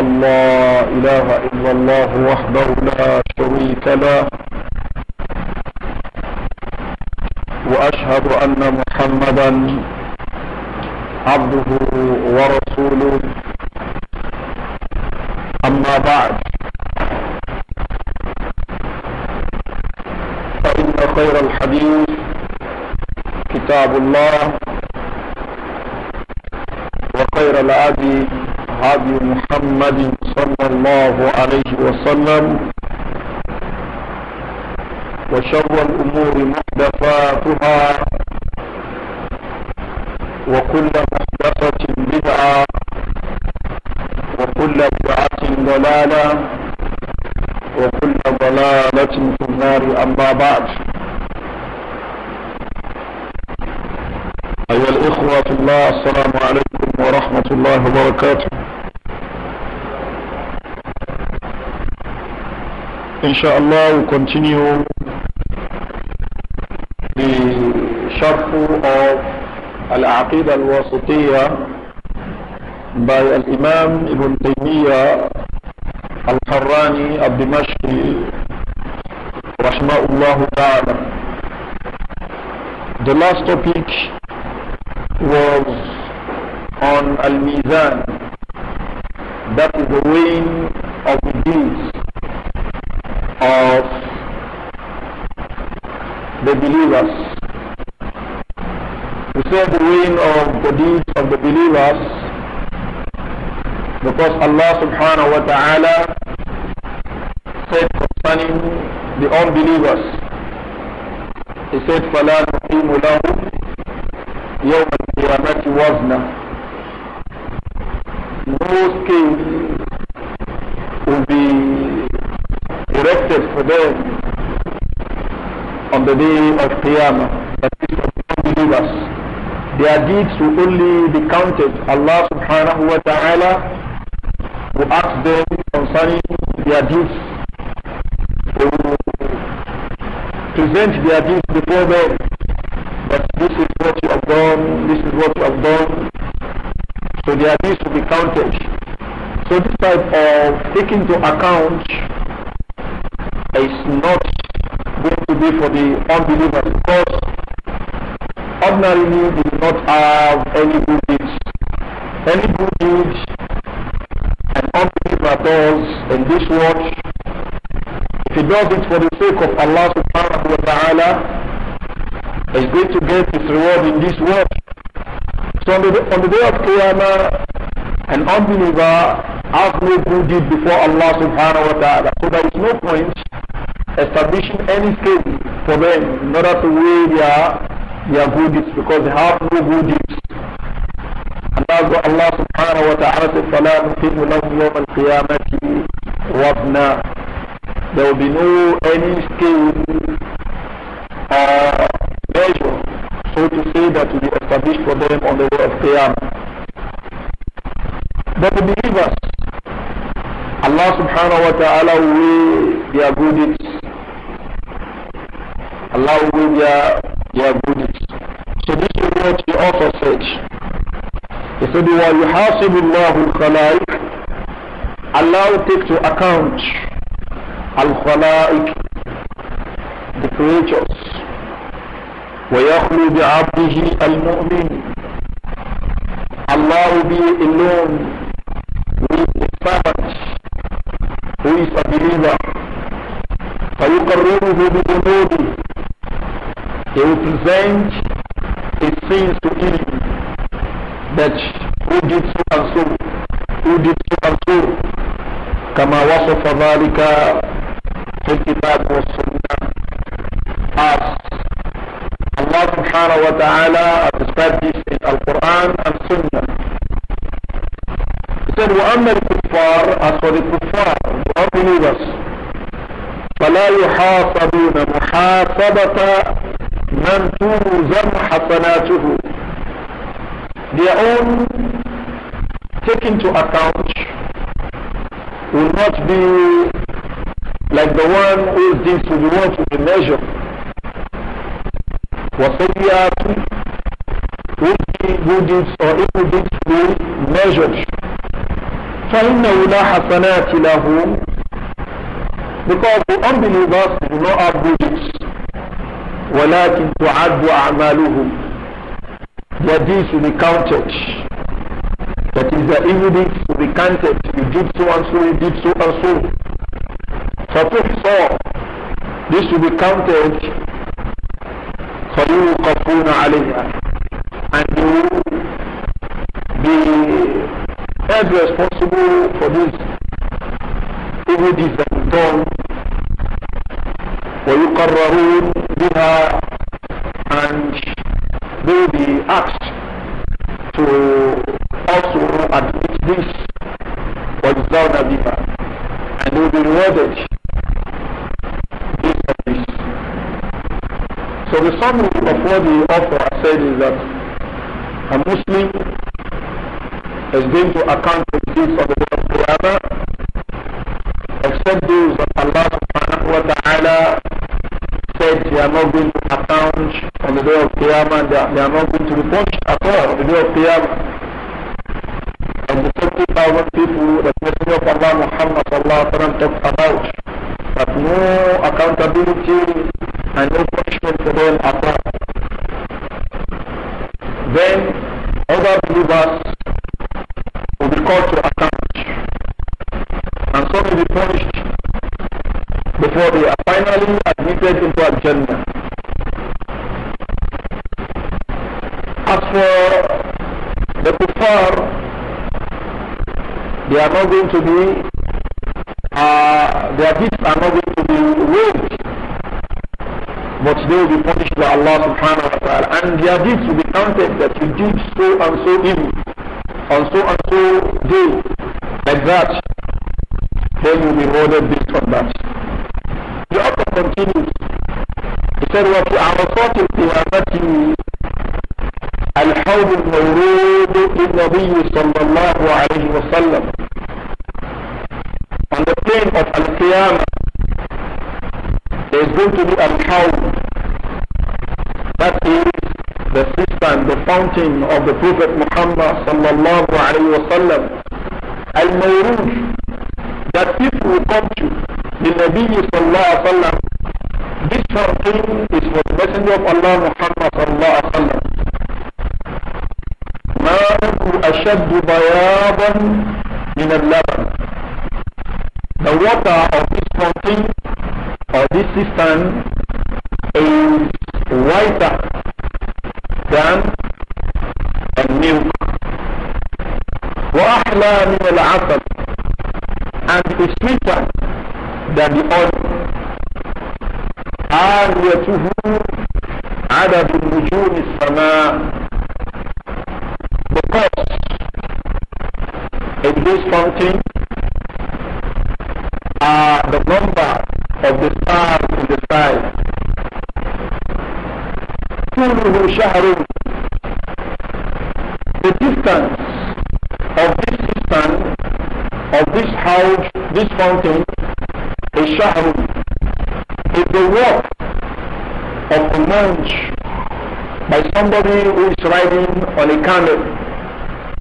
الله إله إلا الله وحده لا شريك له وأشهد أن محمدا عبده ورسوله أما بعد فإن خير الحديث كتاب الله هدي محمد صلى الله عليه وسلم وشر الأمور محدثاتها وكل محدثة بدعة وكل بدعة ضلالة وكل ضلالة في النار أما بعد أيها الإخوة الله السلام عليكم ورحمة الله وبركاته inshallah we continue the sharh of Al-Aqidah Al-Wasitiyah by Al-Imam Ibn Taymiyyah Al-Harrani Al-Dimashqi Ta'ala The last topic was on Al-Mizan the deeds of the believers because Allah subhanahu wa ta'ala said concerning the unbelievers he said فَلَا نُقِيمُ لَهُمْ يَوْمَ الْقِيَامَةِ وَزْنًا No scale will be erected for them on the day of Qiyamah their deeds will only be counted. Allah subhanahu wa ta'ala will ask them concerning their deeds. Will present their deeds before them. But this is what you have done, this is what you have done. So their deeds will be counted. So this type of taking to account is not going to be for the unbelievers because ordinarily did not have any good deeds. Any good deeds and unbeliever does in this world, if he does it for the sake of Allah subhanahu wa ta'ala, is going to get his reward in this world. So on the, on the day of Qiyamah, an unbeliever has no good deed before Allah subhanahu wa ta'ala. So there is no point establishing any scheme for them in order to weigh their their good because they have no good deeds. And that's what Allah subhanahu wa ta'ala said, فَلَا نُقِيمُ لَهُمْ يَوْمَ الْقِيَامَةِ وَزْنًا There will be no any scale uh, measure, so to say, that will be established for them on the day of Qiyamah. But the believers, Allah subhanahu wa ta'ala will their good deeds. Allah will their, their goodies what he also said. He said, وَيُحَاسِبُ اللَّهُ الْخَلَائِقِ Allah will take to account al-khalaik, the creatures. وَيَخْلُ بِعَبْدِهِ الْمُؤْمِنِ Allah will be alone with the servant who is a believer. فَيُقَرِّبُهُ بِذُنُوبِهِ He will present it seems to him that who did so and so, who did so and so, كما وصف ذلك في الكتاب والسنة as Allah subhanahu wa ta'ala established in Al-Quran and Sunnah. He said, وَأَمَّا الْكُفَّارِ As for the kuffar, the unbelievers, فَلَا يُحَاسَبُونَ مُحَاسَبَةَ مَنْ توزن حسناته their own take into account will not be like the one who is deemed to be one to be measured. وَسَيِّئَاتُ will be good deeds or evil deeds will measured. فَإِنَّهُ لَا حَسَنَاتِ لَهُ Because the unbelievers do not have good deeds. ولكن تعد أعمالهم their deeds will be counted that is their evidence to will be counted you did so and so you did so and so فتحصى this will be counted فيوقفون عليها and you will be held responsible for this evil deeds that done ويقررون and they will be asked to also admit this وَيُزَوْنَ بِهَا and they will be rewarded based this. So the summary of what the author said is that a Muslim is going to account for this on the world of zaman dia dia mau pun tu pun apa dia dia Abu Bakar tahu tipu Rasulullah Muhammad Sallallahu Alaihi Wasallam tak tahu tapi mau akan kabinet not going to be, uh, their deeds are not going to be weighed. But they will be punished by Allah subhanahu wa ta'ala. And their deeds will be counted that you did so and so evil, on so and so day, like that. Then you will be rewarded based on that. of the Prophet Muhammad sallallahu alayhi wa sallam, Al-Mawruj, that people will come to the Nabi sallallahu alayhi wa sallam. This fountain is for the Messenger of Allah Muhammad sallallahu alayhi wa sallam. ماء أشد بياضا and it is sweeter than the oil عاليته عدد نجوم السماء because in this fountain are the number of the stars in the sky كله شهر about this fountain is shahrun. Is the work of a month by somebody who is riding on a camel.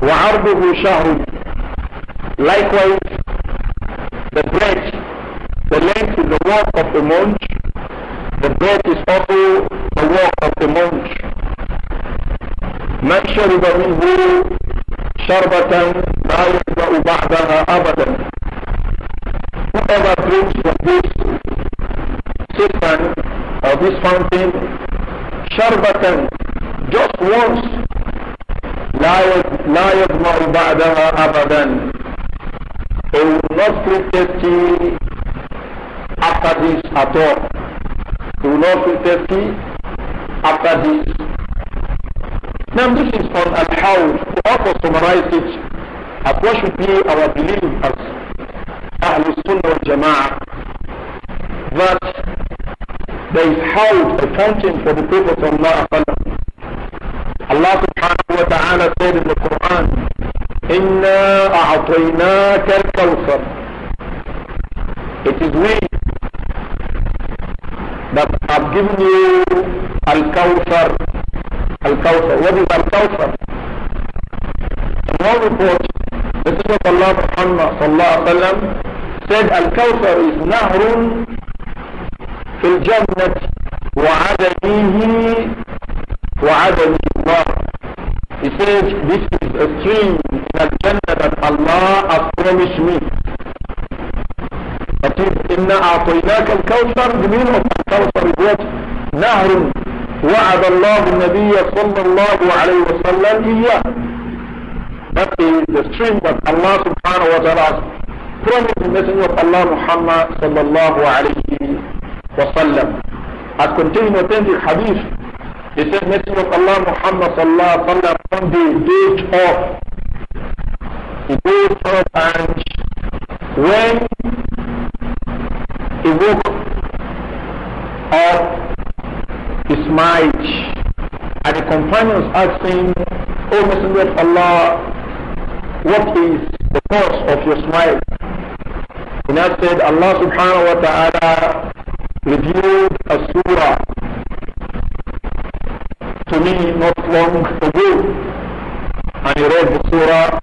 وعرضه شهر Likewise, the breadth, the length is the work of the month. The breadth is also the work of the month. Man شرب منه شربة لا يبدأ بعدها أبدا then, just once لا لا يضمع بعدها أبدا it will not feel thirsty after this at all. It will not feel thirsty after this. Now this is on Al-Hawd. To also summarize it what should be our belief as held accounting for the people of Allah. Allah subhanahu wa ta'ala said in the Quran, "Inna إِنَّا أَعْطَيْنَاكَ It It is we that have given you Al-Kawthar. Al-Kawthar. What is Al-Kawthar? In one report, the Prophet Allah Muhammad sallallahu alayhi wa sallam said Al-Kawthar is Nahrun fil Jannah said, this is a stream that Jannah that Allah has promised me. That is, إِنَّا أَعْطَيْنَاكَ الْكَوْثَرُ The meaning of الكوثر is what? نهر وعد الله النبي صلى الله عليه وسلم إياه. That is the stream that Allah subhanahu wa ta'ala has promised the messenger of Allah Muhammad صلى الله عليه وسلم. As contained in authentic hadith, he said, Messenger of Allah Muhammad صلى الله عليه وسلم on the date of. Date up, and when he woke up his smiled, and the companions asked him, O Messenger of Allah, what is the cause of your smile? And I said, Allah subhanahu wa ta'ala revealed a surah to me not long يرد بصورة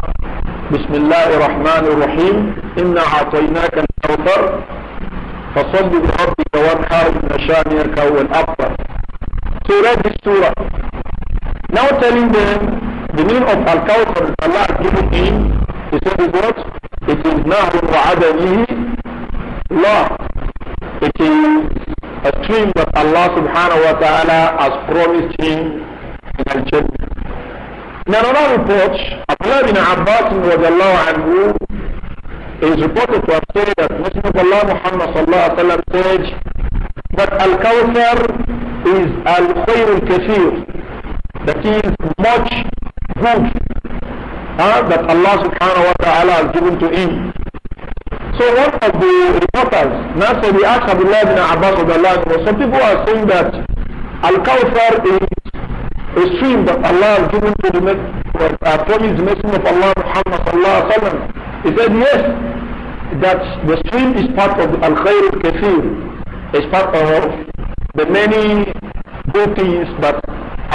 بسم الله الرحمن الرحيم إنا أعطيناك الكوثر فصل لربك وانحر إن شانئك هو الأبتر So read this surah. Now telling them the meaning of Al-Kawthar that Allah has given him, he said is what? It is Nahrun wa'adanihi law. It is a stream that Allah subhanahu wa ta'ala has promised him in al Now another report, Abdullah bin Abbas radiallahu anhu is reported to have said that Messenger Allah Muhammad sallallahu alayhi wa said that Al-Kawthar is Al-Khayr al-Kathir that is much good huh, that Allah subhanahu wa ta'ala has given to him. So one of the reporters, Nasir, we asked Abdullah bin Abbas radiallahu anhu, some people are saying that Al-Kawthar is a stream that Allah has given to the that uh, promised the Messenger of Allah Muhammad sallallahu alaihi wasallam. He said yes, that the stream is part of al khair al kathir, is part of the many good things that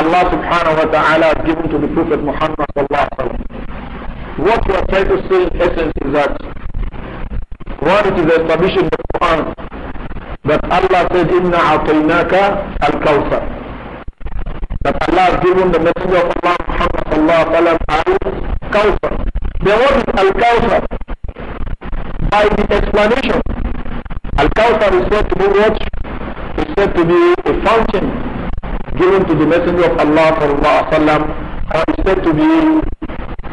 Allah subhanahu wa taala has given to the Prophet Muhammad sallallahu alaihi wasallam. What we are trying to say in essence is that one it is established in the Quran that Allah said, "Inna ataynaka al that Allah has given the message of Allah Muhammad sallallahu alayhi wa sallam Al-Kawthar. Then what is Al-Kawthar? By the explanation, Al-Kawthar is said to be what? Is said to be a function given to the Messenger of Allah sallallahu alayhi wa sallam or is said to be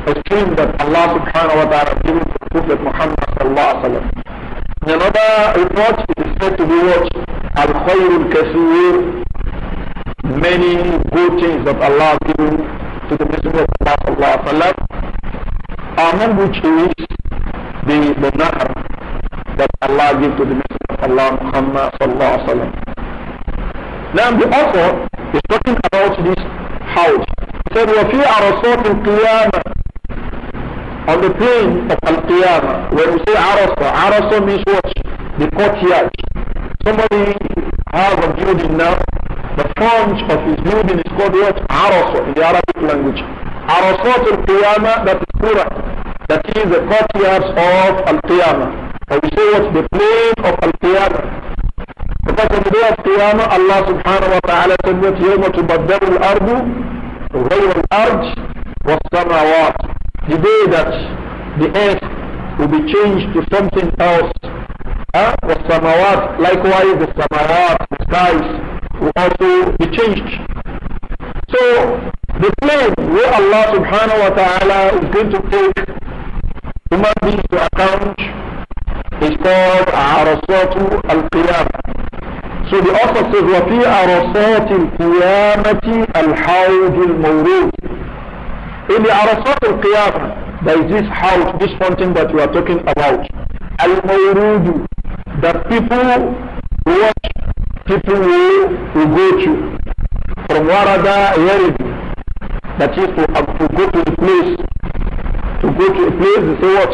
a stream that Allah subhanahu wa ta'ala given to Prophet Muhammad sallallahu alayhi wa sallam. In another report, it is said to be what? Al-Khayrul Kaseer many good things that Allah has given to the Messenger of Allah sallallahu alaihi wasallam, among which is the, the nahr that Allah gives to the Messenger of Allah Muhammad sallallahu alaihi wasallam. Now the author is talking about this house. He said, وَفِي عَرَصَاتِ الْقِيَامَةِ on the plain of Al-Qiyamah, when we say Arasa, Arasa means what? The courtyard. Somebody has a building now, the front of his building is called what? Arasa in the Arabic language. Arasa Al-Qiyamah, that is Qura, that is the courtyards of Al-Qiyamah. And we say what? The plain of Al-Qiyamah. Because on the day of Qiyamah, Allah subhanahu wa ta'ala said Yawma tubaddaru that يَوْمَ تُبَدَّلُ الْأَرْضُ غَيْرُ الْأَرْضِ وَالسَّمَاوَاتِ the day that the earth will be changed to something else. Huh? The samawat, likewise the samawat, the skies will also be changed. So the plane where Allah subhanahu wa ta'ala is going to take human beings to account is called al-Qiyam. So the author says, وَفِي al الْقِيَامَةِ al الْمَوْرُودِ in the Arafat al-Qiyamah, qiyam is this house, this fountain that we are talking about. Al-Mawrudu, the people watch, people will, go to. From Warada, Yerid, that is to, uh, to go to a place. To go to a place, they say what?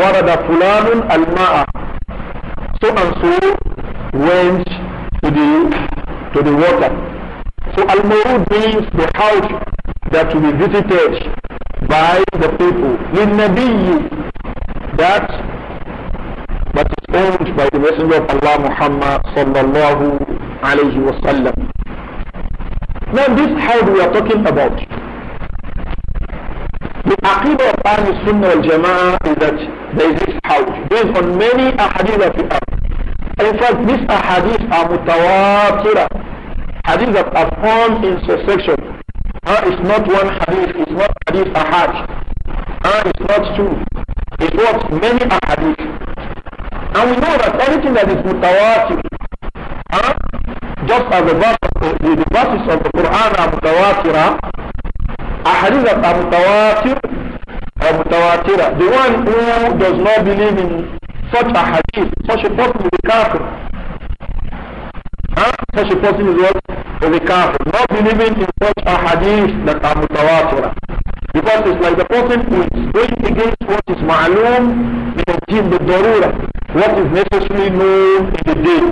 Warada Fulanun al-Ma'a. So and so went to the, to the water. So al-Mawrud means the house that will be visited by the people. لِلنَّبِيِّ That that is owned by the Messenger of Allah Muhammad sallallahu alayhi wa sallam. Now this how we are talking about. The aqidah of Ahlul Sunnah al Jama'ah is that there is this house based on many ahadith of the earth. In fact, these ahadith are mutawatirah, hadith that are formed in succession. Uh, it's not one hadith, it's not hadith ahad. Uh, it's not two. It's what many ahadith. And we know that anything that is mutawatir, uh, just as the, verse, the, the verses of the Quran are mutawatira, ahadith that are mutawatir or mutawatira, the one who does not believe in such a hadith, such a person will be kafir. Huh? Such a person is what? Is a kafir. Not believing in such a hadith that are mutawatirah. Because it's like the person who is going against what is ma'loom in the the darura, what is necessarily known in the day.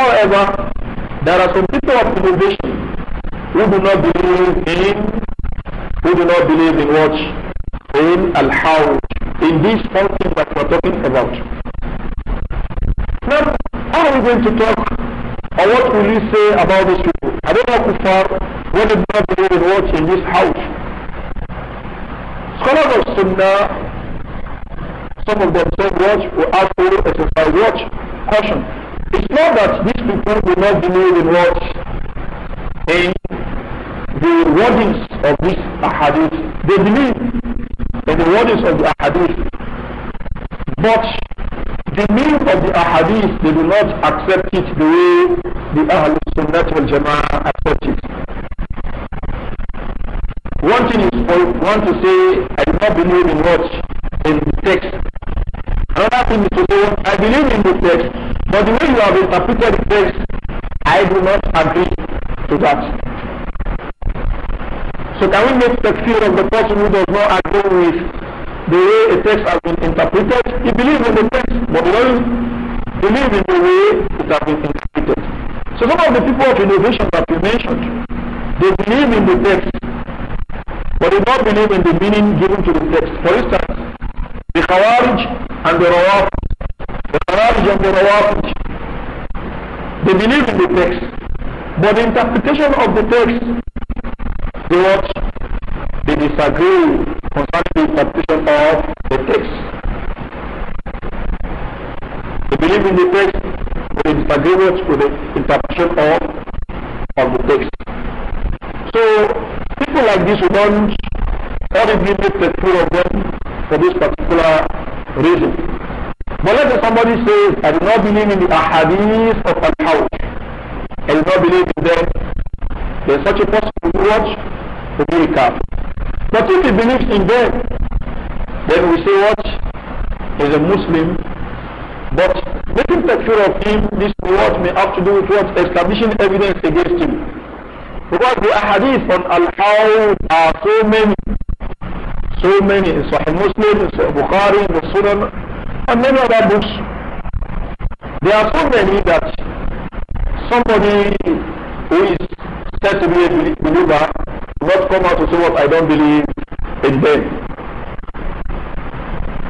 However, there are some people of innovation who do not believe in, who do not believe in what? In al-hawj, in this something that we're talking about. Now, what are we going to talk? Or what will you say about these people? I do not kuffar? What what is not believe in what in this house? Scholars of Sunnah, some of them said, watch, we ask for exercise, watch, question. It's not that these people will not believe in what in the wordings of this ahadith. They believe in the wordings of the ahadith. But the meaning of the ahadith, they do not accept it the way the Ahlul Sunnah wal Jama'ah accept it. One thing is I want to say, I do not believe in what? In the text. Another thing is to say, I believe in the text, but the way you have interpreted the text, I do not agree to that. So can we make the fear of the person who does not agree with the way a text has been interpreted. He believes in the text, but he doesn't believe in the way it has been interpreted. So some of the people of innovation that we mentioned, they believe in the text, but they don't believe in the meaning given to the text. For instance, the Khawarij and the Rawaf, The Khawarij and the Rawaf, They believe in the text, but the interpretation of the text, they what? disagree concerning the interpretation of the text. They believe in the text, but they disagree with the interpretation of, of the text. So people like this will not audibly make the two of them for this particular reason. But let's say somebody says, I do not believe in the ahadith of Al-Hawj. I do not believe in them. There's such a person who watch to be a kafir. But if he believes in them, then we say what? He's a Muslim. But making takfir of him, this reward may have to do with what? Establishing evidence against him. Because the ahadith on al-hawd are so many, so many in Sahih Muslim, in Sahih Bukhari, in the Sunan, and many other books. There are so many that somebody who is said to be a believer not come out to say what I don't believe in them.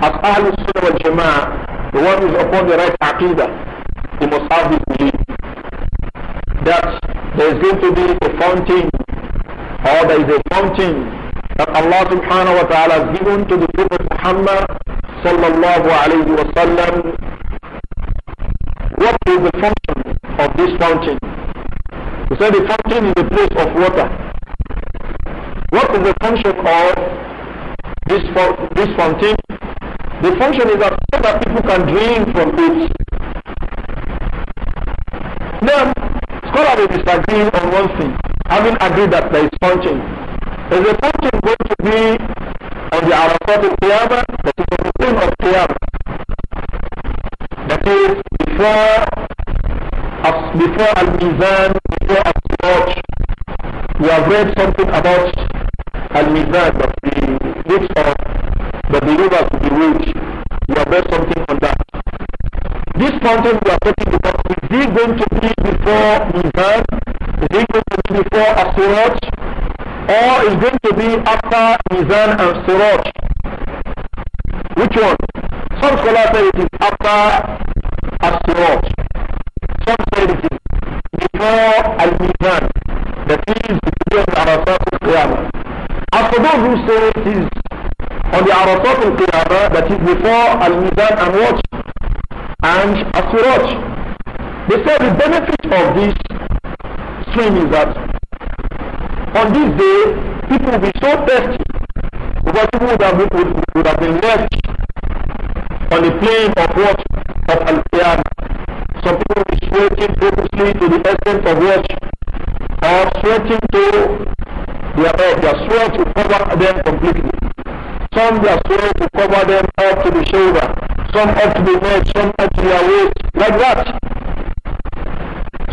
As Ahlul Sunnah wal Jama'ah, the one who is upon the right aqidah, he must have this belief that there is going to be a fountain or there is a fountain that Allah subhanahu wa ta'ala has given to the Prophet Muhammad sallallahu alayhi wa sallam. What is the function of this fountain? He said the fountain is a place of water. What is the function of this, this fountain? The function is that so that people can drink from it. Now, scholars will disagree on one thing, having agreed that there is fountain. Is the fountain going to be on the Arafat of Qiyamah? That is on the plain of Qiyamah. That is before, before Al-Mizan, before al we have read something about Al-Mizan, the books of the believers to be rich. We have read something on that. This fountain we are talking about, is it going to be before Mizan? Is it going to be before Asiraj? Or is it going to be after Mizan and Siraj? Which one? Some scholars say it is after Asiraj. Some say it is ignore al-mizan, the things of Arasat al-Qiyamah. As for those who say it is on the Arasat al-Qiyamah, that is before al-mizan and watch, and as they say the benefit of this stream is that on this day, people will be so thirsty because people would have, would, would have been left on the plane of watch Of Al-Qiyamah. Some people are sweating purposely to the essence of which Or sweating to their head. Their sweat will cover them completely. Some their sweat will cover them up to the shoulder, some up to the neck, some up to their waist, like that.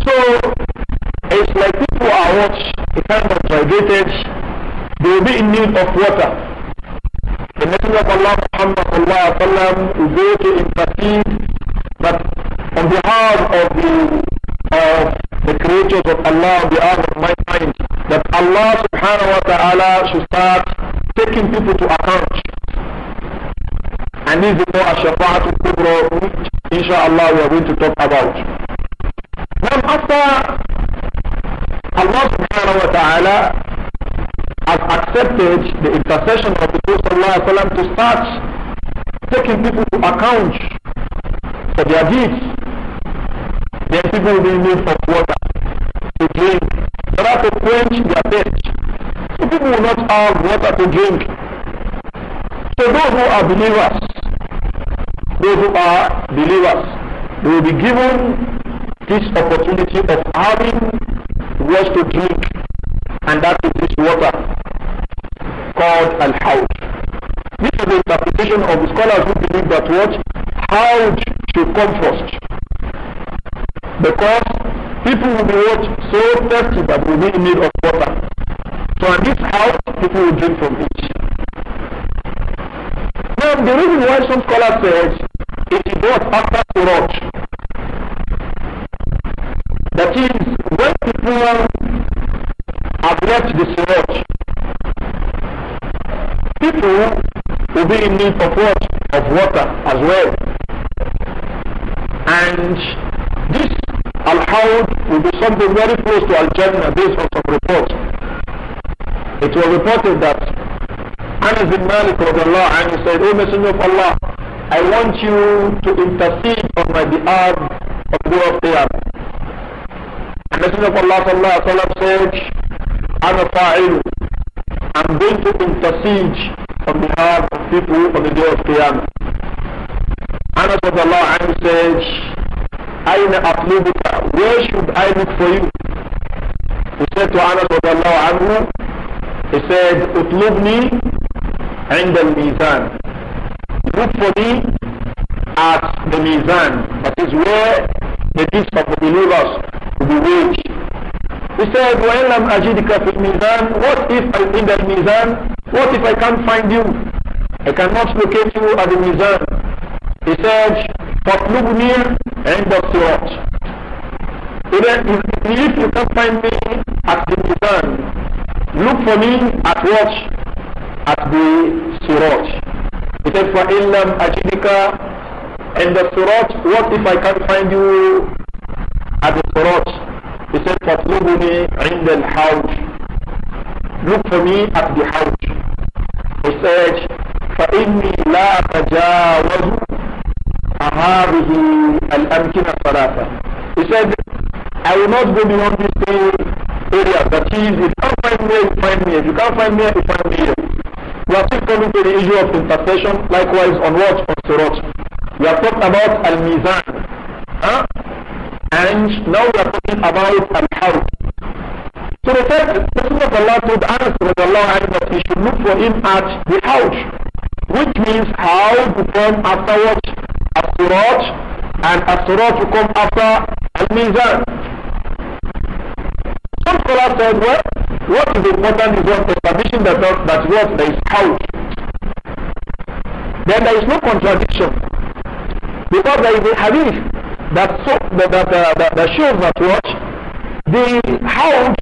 So it's like people are what? The kind of hydrated. They will be in need of water. The Messenger of Allah Muhammad will go to intercede but on behalf of the, uh, the creators of Allah, on behalf of my mind, that Allah subhanahu wa ta'ala should start taking people to account. And this is for Ash-Shafa'atul Kubra, which inshallah we are going to talk about. Then after Allah subhanahu wa ta'ala has accepted the intercession of the Prophet to start taking people to account for their deeds. There are people who need of water to drink, in order to quench their thirst. So people will not have water to drink. So those who are believers, those who are believers, they will be given this opportunity of having water to drink, and that is this water called al-hawd. This is the interpretation of the scholars who believe that what? Hajj should come first. Because people will be what? So thirsty that will be in need of water. So in this house, people will drink from it. Now, the reason why some scholars say it is what? After Suraj. That is, when people have left the Suraj, people will be in need of what? Of water as well. And this Al-Hawd will be something very close to Al-Jannah based on some reports. It was reported that Anas bin Malik and said, O Messenger of Allah, I want you to intercede on my behalf on the day of Qiyamah. The Messenger of Allah sallallahu alaihi wasallam said, "Ana fa'il." I'm going to intercede on behalf of people on the day of Qiyamah. Anas of Allah said, Aina atlubuka, where should I look for you? He said to Anas of Allah he said, Utlubni the Mizan. Look for me at the Mizan, that is where the deeds of the believers will be waged. He said, وَإِلَّمْ أَجِدْكَ فِي الْمِيزَانِ What if I in the Mizan? What if I can't find you? I cannot locate you at the Mizan. He said, فَاطْلُبْنِي So الصِّرَاطِ If you can't find me at the Mizan, look for me at what? At the Sirat. He said, فَإِلَّمْ And the Surat, What if I can't find you at the Surat? He said, فَاطْلُبُنِي عِنْدَ الْحَوْجِ Look for me at the house. He said, فَإِنِّي لَا أَتَجَاوَزُ هَذِهِ الْأَمْكِنَ الثَّلَاثَ He said, I will not go beyond this area. That is, if you can't find me you find me. If you can't find me you find me here. We are still coming to the issue of intercession, likewise on what? On Surat. We are talking about Al-Mizan. Huh? And now we are talking about al house. So the said, the Prophet of Allah told Anas that he should look for him at the house, which means how to come afterwards, afterwards, and after afterwards to come after Al-Mizan. Some scholars said, well, what is important is what establishing that that what there is house. Then there is no contradiction because there is a hadith that, so, that, that, uh, shows that what? The house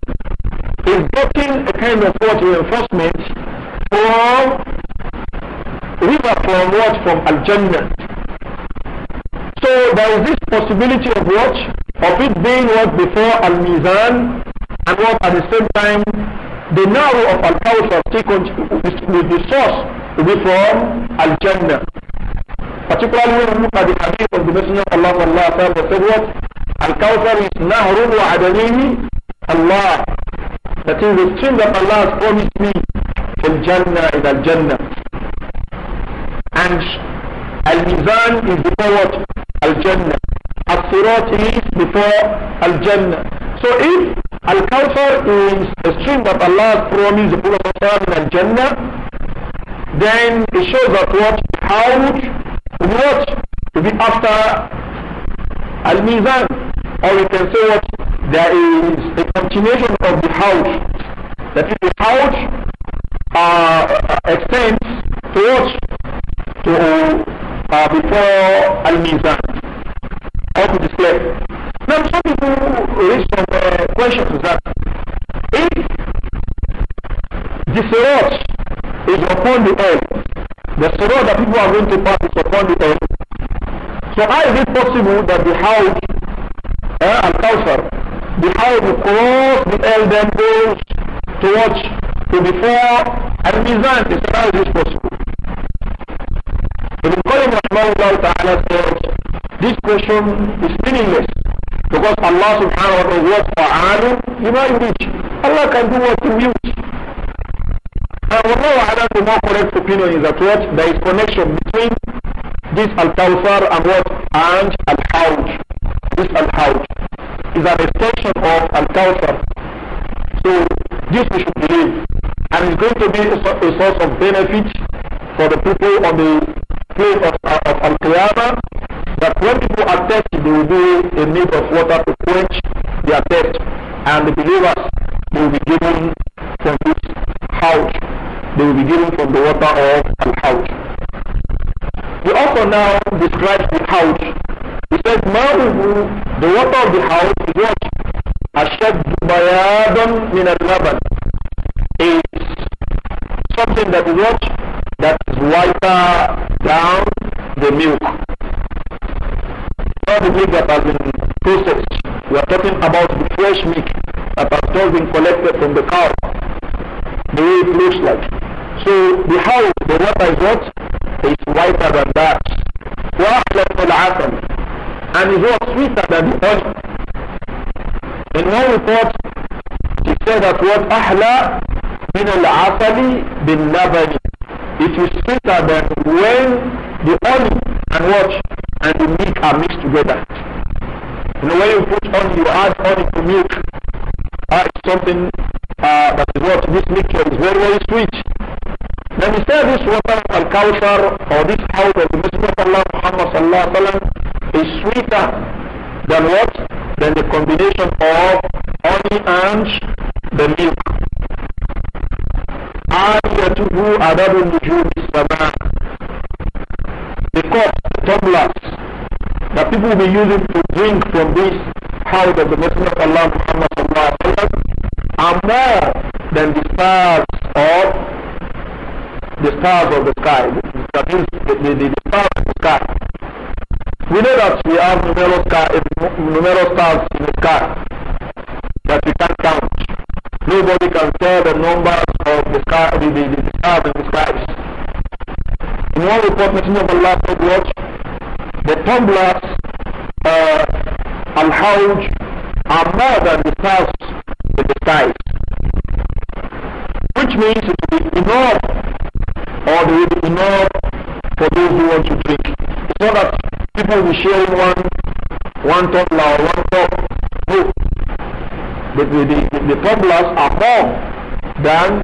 is getting a kind of what reinforcement from river from what? From al So there is this possibility of what? Of it being what before Al-Mizan and what at the same time the narrow of Al-Kawthar will be source to be from Al-Jannah. Particularly when we look at the hadith of the Messenger of Allah sallallahu alaihi wasallam said what? Al-Kawthar is Nahrun wa Adanihi Allah. That is the stream that Allah has promised me from Jannah is Al-Jannah. And Al-Mizan is before what? Al-Jannah. Al-Sirat is before Al-Jannah. So if Al-Kawthar is the stream that Allah has promised the Prophet in Al-Jannah, then it shows us what? How what? To be after Al-Mizan. Or you can say what? There is a continuation of the house. That is the house uh, uh, extends to what? To uh, before Al-Mizan. Or to display. Now some people raise some uh, questions that if this watch is upon the earth, Oh, the surah that people are going to pass is upon the earth. So how is it possible that the house, uh, eh, Al-Kawthar, the house will cross the earth goes to watch, to before and mizan They said, how is this possible? Ibn Qayyim Rahmanullah Ta'ala says, this question is meaningless because Allah subhanahu wa ta'ala was fa'alu lima Allah can do what he wills. And Wallahu Alam, the more correct opinion is that what? There is connection between this Al-Kawthar and what? And Al-Hawj. This Al-Hawj is an extension of Al-Kawthar. So this we should believe. And it's going to be a, source of benefit for the people on the place of, of, Al-Qiyamah that when people are thirsty, they will be in need of water to quench their thirst. And the believers will be given from this house. they will be given from the water of Al-Hajj. The author now describes the house. He says, Ma'uhu, the water of the house is what? Ashad bayadun min al-laban. Is something that is what? That is whiter down the milk all the meat that has been processed. We are talking about the fresh meat that has just been collected from the cow, the way it looks like. So the how, the water is what? It's whiter than that. وأحلت العسل and is what sweeter than the honey. In one report, he said that what أحلى من العسل باللبن. It is sweeter than when the honey and what and the milk are mixed together. You know, when you put on, you add on to milk, uh, it's something uh, that is what this mixture is very, very sweet. Then instead of this water, al-kawthar, or this cow, of the Messenger of Allah, Muhammad sallallahu alayhi wa is sweeter than what? Than the combination of honey and the milk. آيته عدد نجوم السماء people will be using to drink from this house of the Messenger of Allah Muhammad sallallahu alaihi wasallam are more than the stars of the stars of the sky. That the, the, the, the stars of the sky. We know that we have numerous, sky, numerous stars in the sky that we can't count. Nobody can tell the numbers of the, sky, the, the, the stars in the skies. In one report, Messenger of Allah said what? The tumblers are more than the stars in the sky, Which means it will be enough, or there will be enough for those who want to drink. It's not that people will share one, one tumbler or one cup. No. The, the, the, the tumblers are more than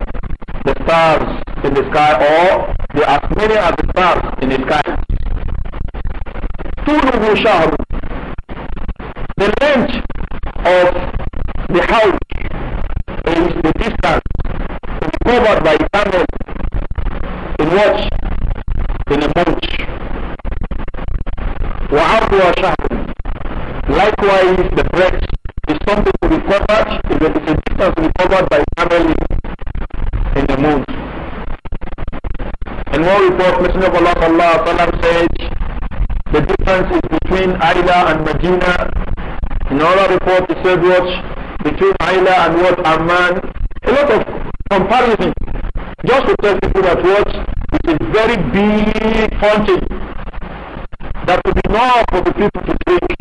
the stars in the sky, or there are as many as the stars in the sky. طوله شهر the house and the distance covered by camel in watch in a month. Likewise, the breast is something to be covered, is it is a distance to be covered by camel in a month. And one report, Messenger of Allah sallallahu alaihi wasallam said, the difference is between Aida and Medina. In another report, he said, watch, between Ayla and what Amman. A lot of comparison. Just to tell people that what is a very big fountain that would be enough for the people to drink.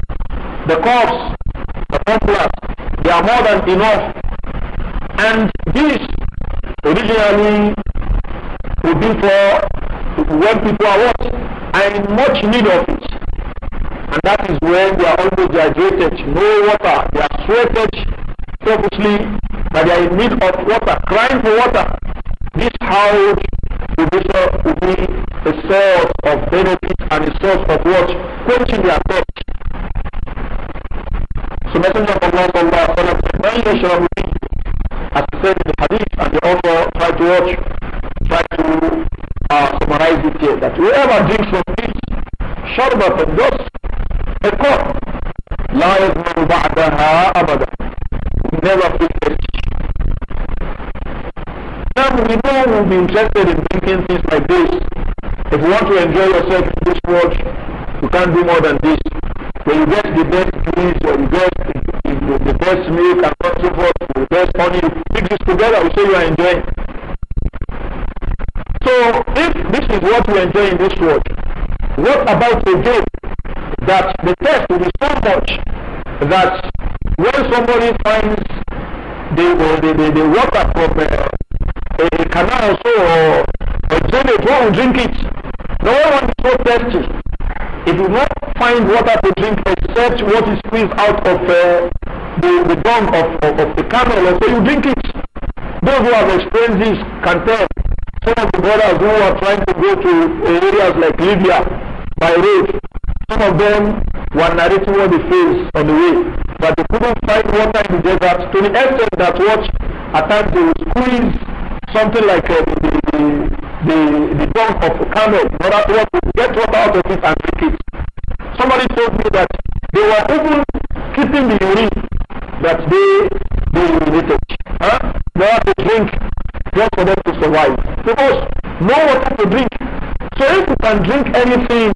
The cups, the tumblers, they are more than enough. And this originally would be for when people are what? Are in much need of it. And that is when they are almost dehydrated, no water, they are sweated, purposely that they are in need of water, crying for water. This house will be, will be a source of benefit and a source of what? Quenching their thirst. So Messenger of Allah sallallahu Allah wa sallam said, as he said in the hadith, and they also try to watch, try to uh, summarize it here, that whoever drinks from this, shorbat and dust, a cup, لا يظلم بعدها أبدا never feel Now we know we'll be interested in thinking things like this. If you want to enjoy yourself in this world, you can't do more than this. When you get the best drinks or you get the, best milk and so forth, the best honey, you mix this together, you say you are enjoying. So if this is what you enjoy in this world, what about the day that the test will be so much that when somebody finds the, the, the, the water from uh, a canal so, or a toilet, will drink it? No one is so thirsty. It will not find water to drink except what is squeezed out of uh, the, the dung of, of, of the camel, so you drink it. Those who have experienced this can tell. Some of the brothers who are trying to go to areas like Libya by road, some of them were narrating what they faced on the way, but they couldn't find water in the desert to the extent that what at times they would squeeze something like uh, the, the, the, trunk of a camel in order to get water out of it and drink it. Somebody told me that they were even keeping the urine that they, they needed, huh? they order to drink just for them to survive. Because no water to drink, if you can drink anything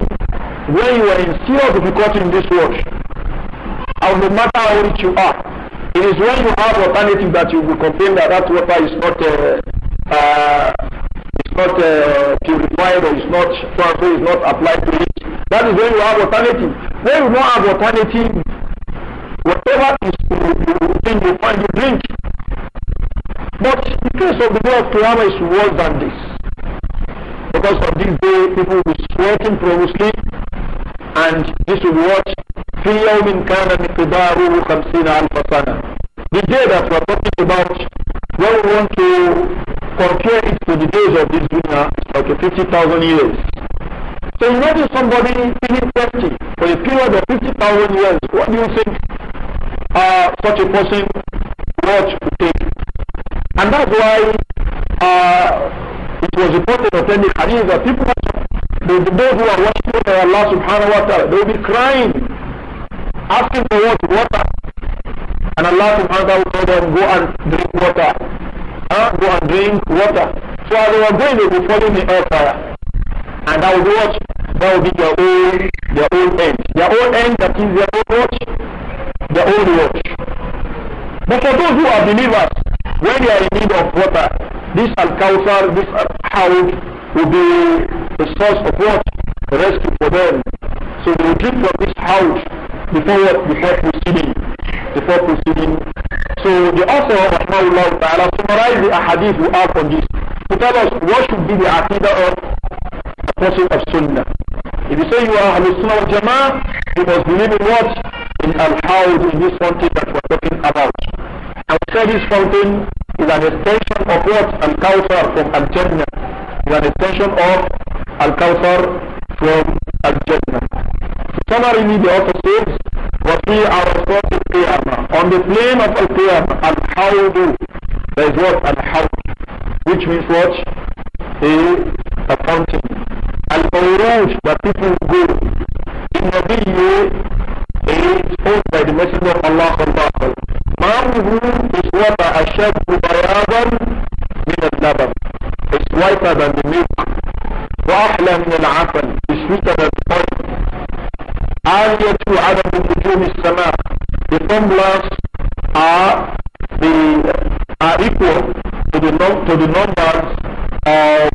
when you are in serious difficulty in this world, of the matter how which you are. It is when you have alternative that you will complain that that water is not uh, uh, is not uh, purified or is not transferred, is not applied to it. That is when you have alternative. When you don't have alternative, whatever is you you find you drink. But the case of the Lord of is worse than this because of this day people will be sweating profusely, and this will watch في يوم كان مقداره خمسين The day that we are talking about when we want to compare it to the days of this dunya is like 50,000 years. So imagine somebody feeling thirsty for a period of 50,000 years. What do you think uh, such a person would take? And that's why uh, it was reported in authentic hadith that people, the, those who are worshipping Allah subhanahu wa ta'ala, they will be crying, asking for Water. And Allah subhanahu wa ta'ala will tell them, go and drink water. Huh? Go and drink water. So as they were going, they will follow in hellfire. And that will watch, that will be their own, their own end. Their own end, that is their own watch, their own watch. But for those who are believers, when they are in need of water, this Al-Kawthar, this Hawd will be the source of what? The rescue for them. So they will drink from this Hawd before Before proceeding. Before proceeding. So the author of Rahmahullah Ta'ala summarized the ahadith we have on this to tell us what should be the aqidah of a person of Sunnah. If you say you are Ahlul Sunnah wal Jama'ah, you must believe in what? In Al-Hawd, in this fountain that we are talking about. I will say this fountain is an extension of what? Al-Kawthar from Al-Jannah. Is an extension of Al-Kawthar from Al-Jannah. Summarily, they also says, supposed to الْقِيَامَةِ On the plane of Al-Qiyamah, Al-Hawdu. There is what? Al-Hawd. Which means what? A, a fountain. Al-Mawruj, the people go. In the video is taught by the Messenger of Allah. who is what water ashad شرابا من اللبن It's whiter than the milk وأحلى من العسل It's sweeter than oil عالية عدد نجوم السماء The tumblers are the are equal to the to the numbers of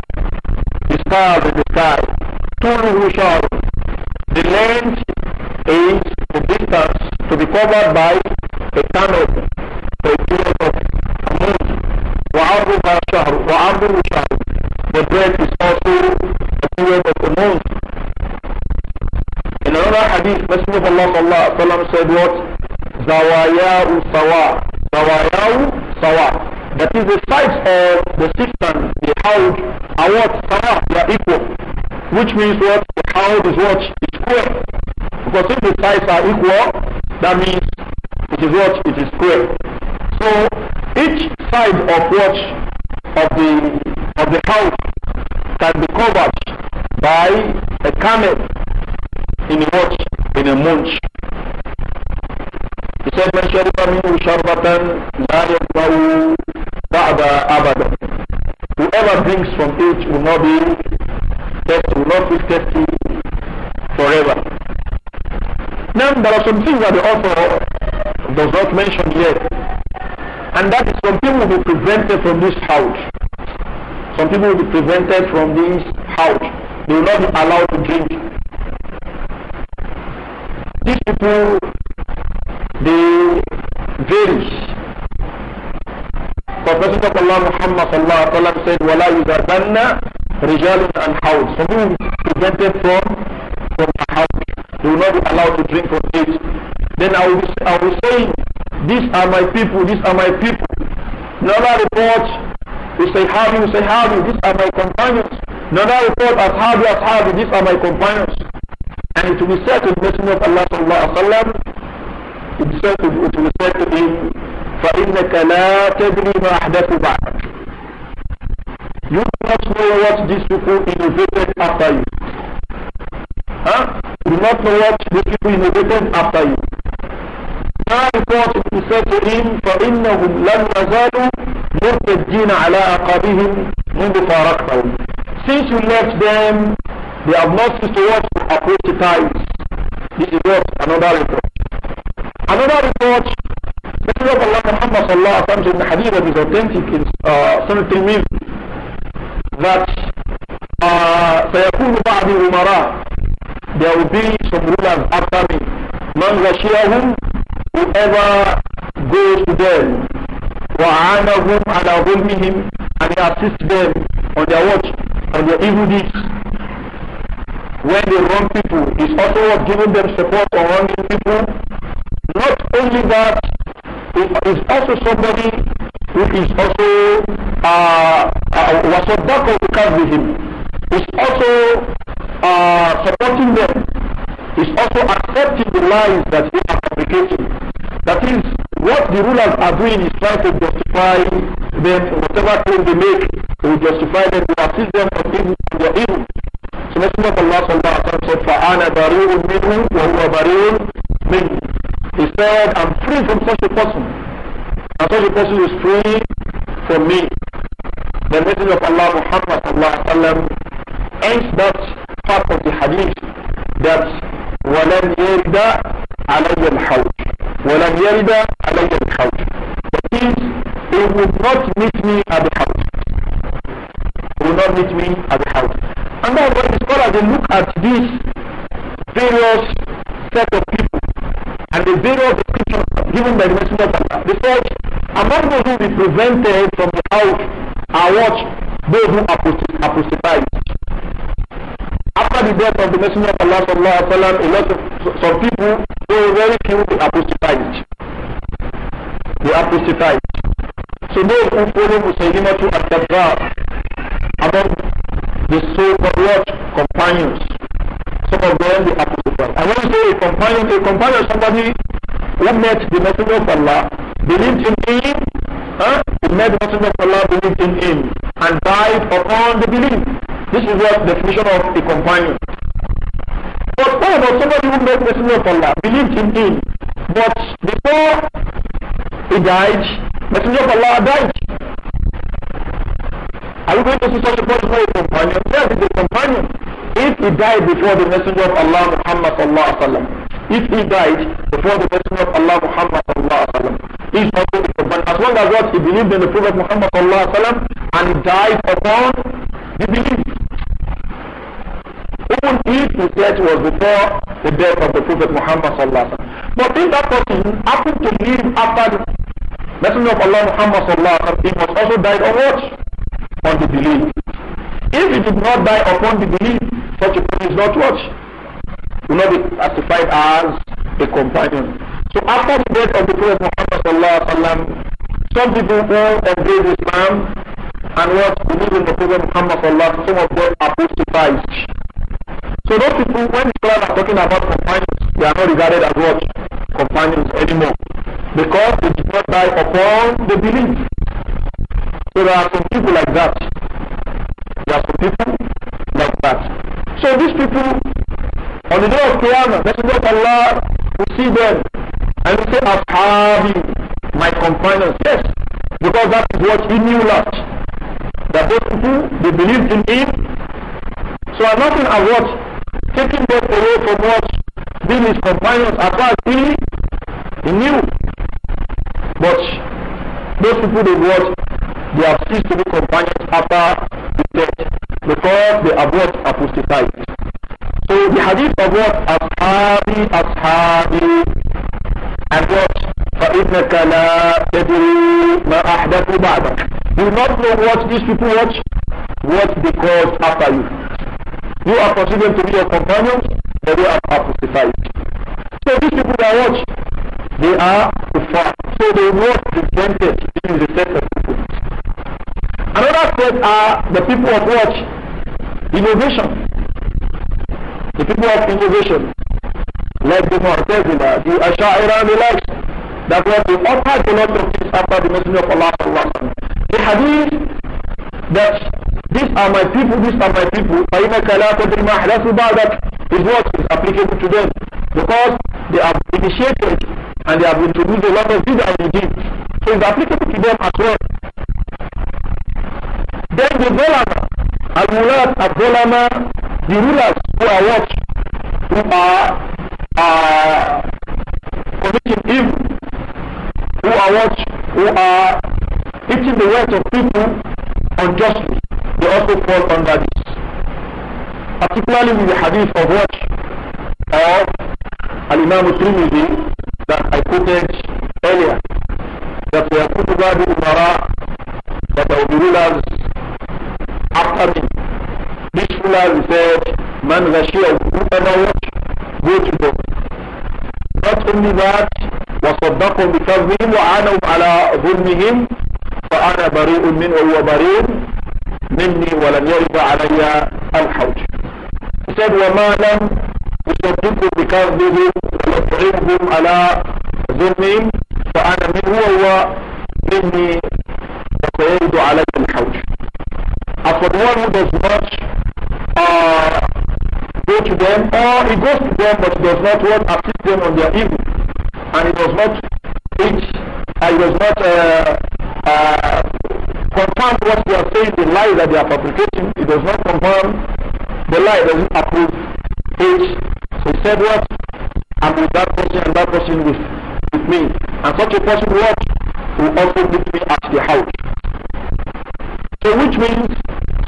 the stars in the sky. Tulu shall the length is the distance to be covered by which means what the cow is what is square. Because if the sides are equal, that means it is what it is square. So each side of what of the of the house can be covered by a camel in a watch in a munch. He said, من شرب منه شربة لا يطمع بعد أبدا. Whoever drinks from it will not be test will not be tested forever. Now there are some things that the author does not mention yet. And that is some people will be prevented from this house. Some people will be prevented from this house. They will not be allowed to drink. These people, they vary. Prophet Muhammad sallallahu alaihi wasallam said, "Wala yuzabanna Rijalun and Hawd. Some people prevented from from Hawd. They will not be allowed to drink from it. Then I was I was saying, these are my people, these are my people. Another report, we say Habi, we say Habi, these are my companions. Another report, as Habi, as Habi, these are my companions. And it will be said to the Messenger of Allah sallallahu alaihi wasallam, it, said to, it will be said to him, فَإِنَّكَ لَا تَدْرِي مَا أَحْدَثُ بَعْدَكَ You not know what these people innovated after you. Huh? You do not know what the people innovated after you. Now reported he said to him, فَإِنَّهُمْ لَمْ يَزَالُوا مُرْتَدِّينَ عَلَىٰ أَقَابِهِمْ مُنْذُ فَارَقْتَهُمْ Since you left them, they have not ceased to watch for apostatize. This is what another report. Another report, the Prophet Muhammad sallallahu alaihi wasallam in the hadith that is authentic in uh, Sunnah Tirmidhi, that بعض uh, الأمراء there will be some rulers after me من غشيهم whoever goes to them وعانهم على ظلمهم and he assist them on their watch on their evil deeds when they wrong people is also what giving them support on wronging people not only that it is also somebody who is also uh, with him? Is also uh, supporting them. Is also accepting the lies that they are fabricating. That is, what the rulers are doing is trying to justify them, whatever claim they make, to justify them, to assist them from evil, from their evil. So Messenger of Allah sallallahu alayhi wa said, فَأَنَا بَرِيءٌ مِنْهُ وَهُوَ بَرِيءٌ مِنْهُ He said, I'm free from such a person such a person is free for me. The message of Allah Muhammad sallam, ends that part of the hadith that وَلَنْ يَرِدَ عَلَيَّ الْحَوْجِ وَلَنْ يَرِدَ عَلَيَّ الْحَوْجِ That means, it would not meet me at the house. It would not meet me at the house. And now when the scholars they look at this various set of people and the Bureau of given by the Messenger of Allah. They among those who will be prevented from the house are what? Those who are apostatize. After the death of the Messenger of Allah, a lot of, some people, very few, they apostatized. They apostatized. So those who follow Musaylimatu al-Kadra among the two Companions. Some of them, they are And when you say a companion, a companion somebody who met the Messenger of Allah, believed in him, huh? met the Messenger of Allah, believed in him, and died upon the belief. This is what the definition of a companion. But what about somebody who met the Messenger of Allah, believed in him, but before he died, the Messenger of Allah died. Are you going to see such the for a companion? Yes, it's a companion. If he died before the messenger of Allah Muhammad sallallahu alaihi wasallam, if he died before the messenger of Allah Muhammad sallallahu alaihi wasallam, he's not a to companion. As long as what he believed in the Prophet Muhammad sallallahu alaihi wasallam and he died upon the belief. Even if his death was before the death of the Prophet Muhammad sallallahu alaihi wasallam. But if that person happened to live after the messenger of Allah Muhammad sallallahu alaihi wasallam, he must also died. on what? upon the belief. If he did not die upon the belief, such a person is not watched. Will not be classified as a companion. So after the death of the Prophet Muhammad sallallahu alaihi wasallam, some people who embrace Islam and what believe in the Prophet Muhammad sallallahu alaihi wasallam, some of them apostatized. So those people, when Islam are talking about companions, they are not regarded as what? Companions anymore. Because they did not die upon the belief. So there are some people like that. There are some people like that. So these people, on the day of Qiyamah, Messenger of Allah will see them and will say, Ashabi, my companions. Yes, because that is what he knew last. That those people, they believed in him. So I'm a about taking them away from what being his companions as far as he, he knew. But those people, they what? they have ceased to be companions after the death because they have what apostatized. So the hadith of what Ashabi Ashabi and what فإنك لا تدري ما أحدث بعدك. You not know what these people watch, what they caused after you. You are considered to be your companions, but they are apostatized. So these people that watch, they are kuffar. So they watch the sentence in the set of people. Another set are the people of watch innovation. The people of innovation, like the Mu'tazila, the Ash'ira, the likes, that were the author a lot of things after the message of Allah They The hadith that these are my people, these are my people, فَإِنَّكَ لَا تَدْرِ مَا أَحْدَثُ بَعْدَكَ is what is applicable to them because they have initiated and they have introduced a lot of bid'ah in deen. So it's applicable to them as well. Then the Golama, Al-Mulad, Al-Golama, the rulers who are what? Who are uh, committing evil, who are what? Who are eating the wealth of people unjustly. They also fall under this. Particularly with the hadith of what? Of الإمام الترمذي that I quoted earlier, that we are Kutuba Umara, that there will be rulers after me. This ruler said, Man Rashia, whoever watch, Go to God. Not only that, وصدقهم بكذبهم وعانوا على ظلمهم فأنا بريء منه وهو بريء مني ولم يرد علي الحوج. He said, وما لم أحب بكذبهم ويطعمهم على ظلمهم فأنا منه وهو مني وسيجد علي الحوج As for the one who does not uh, go to them, or he goes to them but does not want to assist them on their evil, and he does not preach, and he does not uh, uh, confirm what they are saying, the lie that they are fabricating, he does not confirm the lie, doesn't approve, preach, so he said what? I'm with that person and that person with, with me. And such a person what? Will also meet me at the house. So which means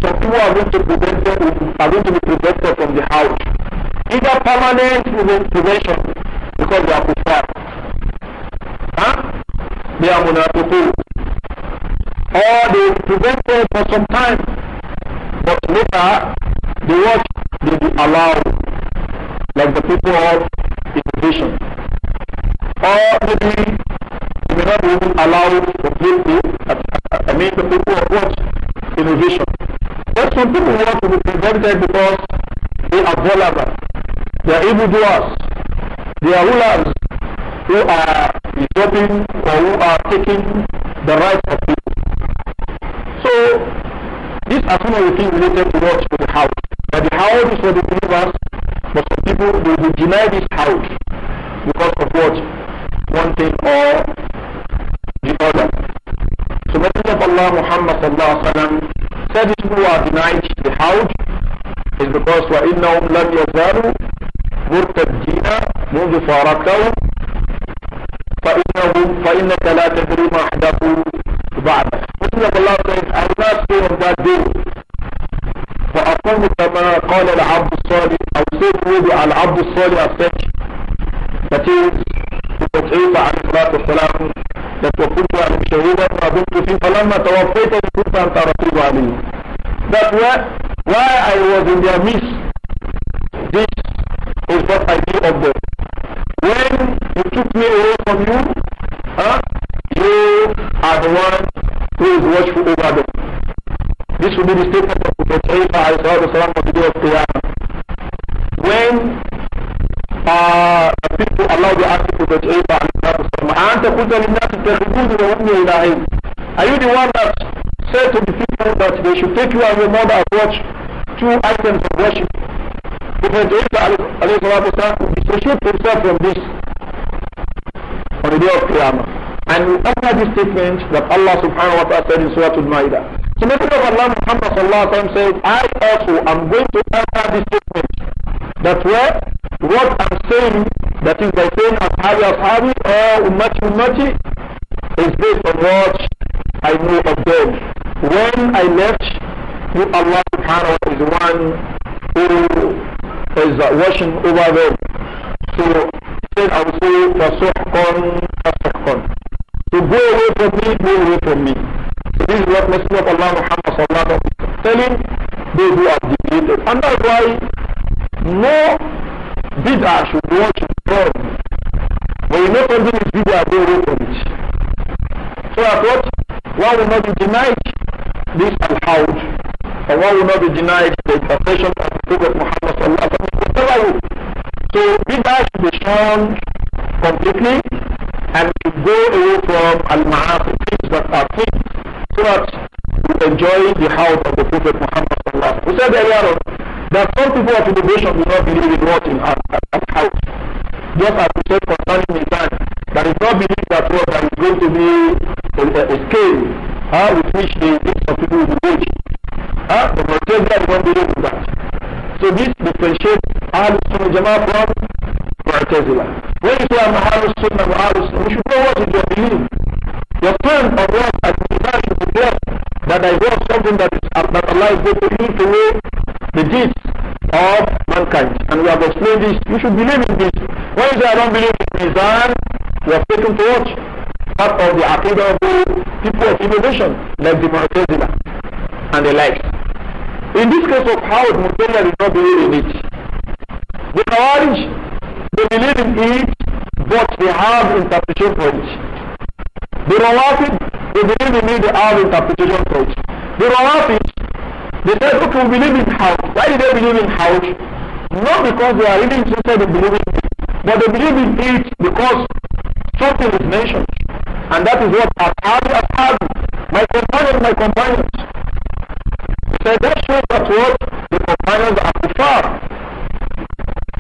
some people are going to prevent them are going to be prevented from the house. Either permanent prevention because they are kuffar. Huh? They are munafiqun. Or they prevented for some time. But later they watch they be allowed like the people of innovation. Or maybe you may not even allow the people, I mean the people of what? Innovation. But some people want to be prevented because they are vulnerable. They are evildoers. They are rulers who are usurping or who are taking the rights of people. So, these are some of the things related to what to the house. But the house is for the believers, but some people they will deny this house because of what? One thing or the other. So Messenger of Allah Muhammad sallallahu alaihi wasallam said these who are denied the house is because وَإِنَّهُمْ لَمْ يَزَالُوا مُرْتَدِّينَ مُنْذ فَارَقْتَهُمْ فَإِنَّهُمْ فَإِنَّكَ لَا تَدْرِي مَا أَحْدَثُوا بَعْدَ Messenger of Allah said, I will not say on that day وأقوم كما قال العبد الصالح أو سيد العبد الصالح السجن فتيز وتعيف عليه الصلاة والسلام لتوفيت عن شهيدا ما دمت فيه فلما توفيتني كنت أنت رقيب علي That why, why I was in their midst, this is what I knew of them. When you took me away from you, huh, you are the one who is watchful over them. This will be the statement of the Prophet Isa on the day of Qiyamah. When uh, people, allow the Allah will ask Prophet Isa أنت قلت للناس اتخذوني وأمي إلهين. Are you the one that said to the people that they should take you and your mother and watch two items of worship? Prophet Isa alayhi salatu wasalam dissociates himself from this on the day of Qiyamah. And we utter this statement that Allah subhanahu wa ta'ala said in Surah Al-Ma'idah. So Messenger of Allah Muhammad sallallahu alayhi wa said, I also am going to utter this statement. That what? What I'm saying, that is by saying Ashabi Ashabi or Ummati Ummati, is based on what I know of them. When I left, you Allah subhanahu wa ta'ala is the one who is uh, watching over them. So, said I will say, فَسُحْقًا فَسُحْقًا to go away from me, go away from me. So this is what Messenger of Allah Muhammad sallallahu alaihi Wasallam is telling those who are deviated. And that's why no bid'ah should watch from. When you know something is bid'ah, go away from it. So I thought one will not be denied this and how, and why will not be denied the profession of the Prophet Muhammad sallallahu alaihi wasallam. So bid'ah should be shown completely and to go away from al-ma'afi, things that are things, so that we enjoy the house of the Prophet Muhammad sallallahu We said earlier that some people of innovation do not believe in what in our, house. Just as we said concerning Nisan, that is not believe that what that is going to be a, a, a scale uh, with which the things of people will be reached. Uh, the Mauritania do not believe in that. So this differentiates Ahlul Sunnah Jama'ah from Mu'tazila. When you say I'm Ahlul Sunnah, I'm Ahlul Sunnah, you should know what is your belief. Your term of what as Iman should be That I want something that, is, uh, that Allah is going to lead to me the deeds of mankind. And we have explained this. You should believe in this. When you say I don't believe in Mizan, you are taken to watch part of the Aqidah of the people of innovation, like the Mu'tazila and the likes. In this case of Howard, Murtala did not believe in it. The Khawarij, they believe in it, but they have interpretation for it. The Rawatid, they believe in it, they have interpretation for it. The Rawatid, they said, okay, we believe in Howard. Why do they believe in Howard? Not because they are really interested in believing but they believe in it because something is mentioned. And that is what I have, my companions, my companions said, that shows that what the companions are far.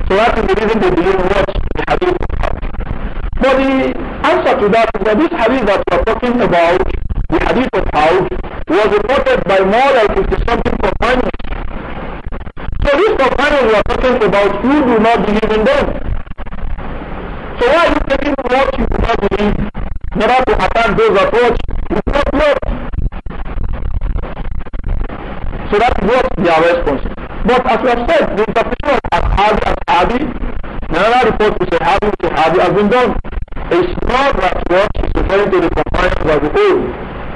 So that is the reason they believe what the hadith kuffar. But the answer to that is that this hadith that we are talking about, the hadith of Haud, was reported by more than 50 something companions. So these companions we are talking about, you do not believe in them. So why are you taking what you do not believe in order to attack those approach. You do not So that is what their response. But as we have said, the interpretation of Ashabi Ashabi, another report to Sahabi Sahabi has been done. It's not that what is referring to the companions of the old.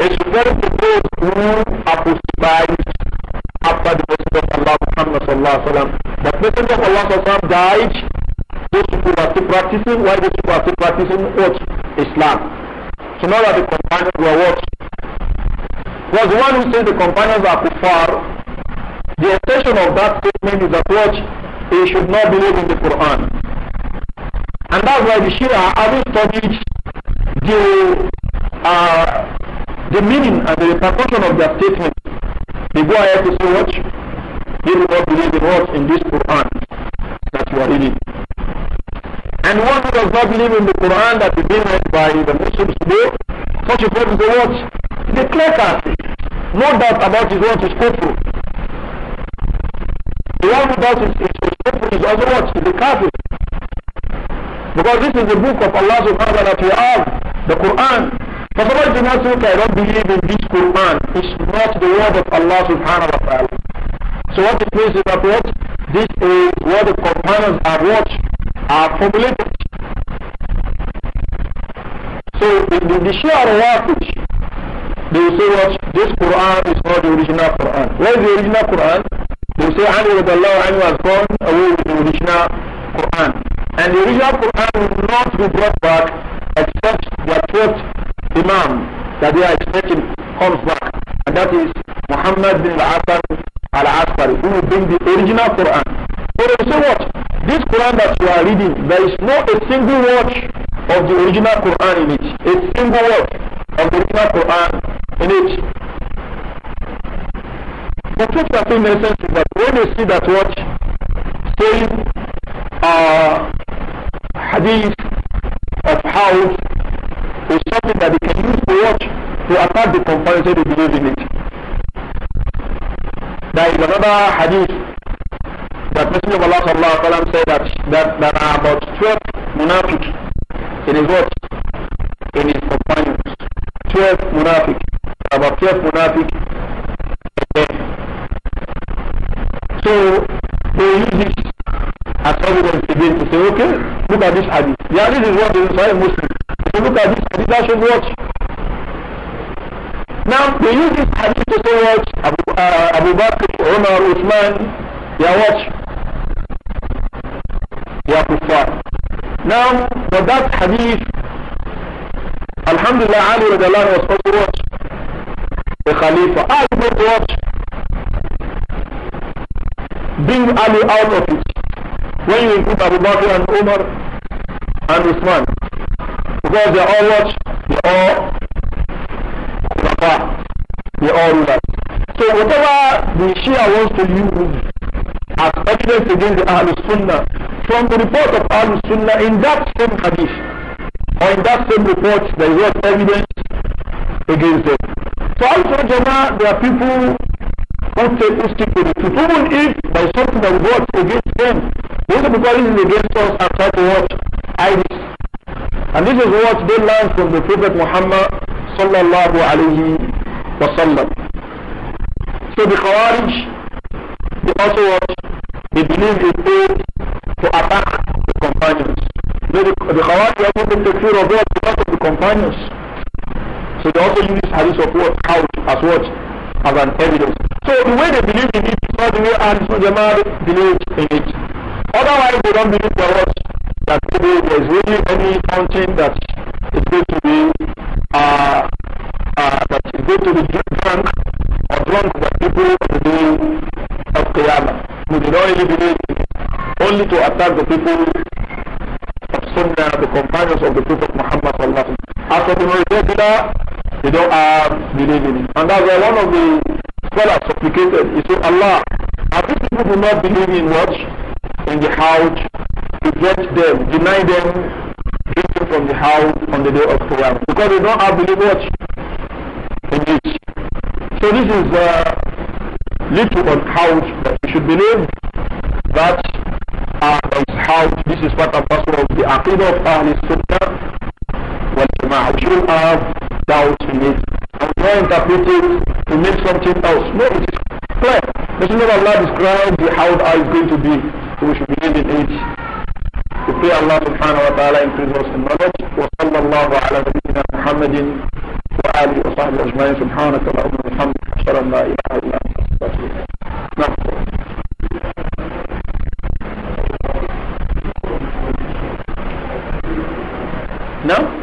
It's referring to those who apostatized after the Messenger of Allah Muhammad sallallahu alaihi wasallam. The Messenger of Allah sallallahu alaihi wasallam died. Those people are still practicing. Why those people are still practicing what? Islam. So now that the Because the one who says the companions are kuffar, the extension of that statement is that what they should not believe in the Quran. And that's why the Shia having studied the uh, the meaning and the repercussion of their statement, they go ahead to say what? They do not believe in what in this Quran that you are reading. And one who does not believe in the Quran that is being read by the Muslims today, such a person say what? The clear no doubt about his what is kufr. The one who does his, his, is also the kafir. Because this is the book of Allah subhanahu wa ta'ala that we have, the Quran. But somebody did not say, I don't believe in this Quran. It's not the word of Allah subhanahu wa ta'ala. So what it means is that what? This is what the companions are what? Are formulated. So the, the Shia al they will say what? This Quran is not the original Quran. Where is the original Quran? They will say Ali radiallahu anhu has gone away with the original Quran. And the original Quran will not be brought back except the twelfth Imam that they are expecting comes back. And that is Muhammad bin al al Asqari, who will bring the original Quran. But they will say what? This Quran that you are reading, there is not a single word of the original Quran in it. A single word of the original Quran in it. But what we are saying in essence is that when you see that what saying uh, hadith of house is something that they can use to watch to attack the companions they believe in it. There is another hadith that Messenger of Allah sallallahu alaihi wasallam said that that there are about twelve munafiq in his watch in his companions. twelve munafik about twelve munafik so they use this as evidence again to say okay look at this hadith yeah this is what the Israeli Muslim so look at this hadith that should watch now they use this hadith to say watch Abu, uh, Abu Bakr Umar Uthman yeah watch yeah kuffar now but that hadith Alhamdulillah, Ali radiallahu was to watch The Khalifa. Ali was watch. Bring Ali out of it. When you include Abu Bakr and Umar and Usman. Because they all watch They all, Khulafa. They rulers. So whatever the Shia wants to use as evidence against the Ahlul Sunnah, from the report of Ahlul Sunnah in that same hadith, or in that same report there was evidence against them. So also Jama'ah, there are people who take who stick with it. If even if by something that works against them, those because it is against us are trying to watch ISIS. And this is what they learned from the Prophet Muhammad sallallahu alayhi wa sallam. So the Khawarij, they also watch, they believe in faith to attack the companions. The, the Khawarij also make the fear of God because of the companions. So they also use this hadith of what, as what? As an evidence. So the way they believe in it is not the way the Jama'ah believes in it. Otherwise they don't believe there was that maybe there is really any fountain that is going to be uh, uh, that is going to be drunk or drunk by people on the day of Qiyamah. We did not really believe only to attack the people of Sunnah, the companions of the Prophet Muhammad sallallahu alaihi wasallam. After the that they don't have in And that's why one of the scholars supplicated, he said, Allah, are these people do not believe in what? In the house, reject them, deny them drinking from the house on the day of Qiyamah. Because they don't have belief what? In this. So this is uh, little uncouth that we should believe that uh, is how this is what a person of the Aqidah of Ahl Sunnah when you should have doubts in it and not interpret it to make something else. No, it is clear. Messenger of Allah describes how the is going to be, so we should believe in it. وفي الله سبحانه وتعالى increase us in knowledge وصلى الله على نبينا محمد وآله وصحبه أجمعين سبحانك اللهم وبحمدك أشهد أن لا إله إلا أنت أستغفرك نعم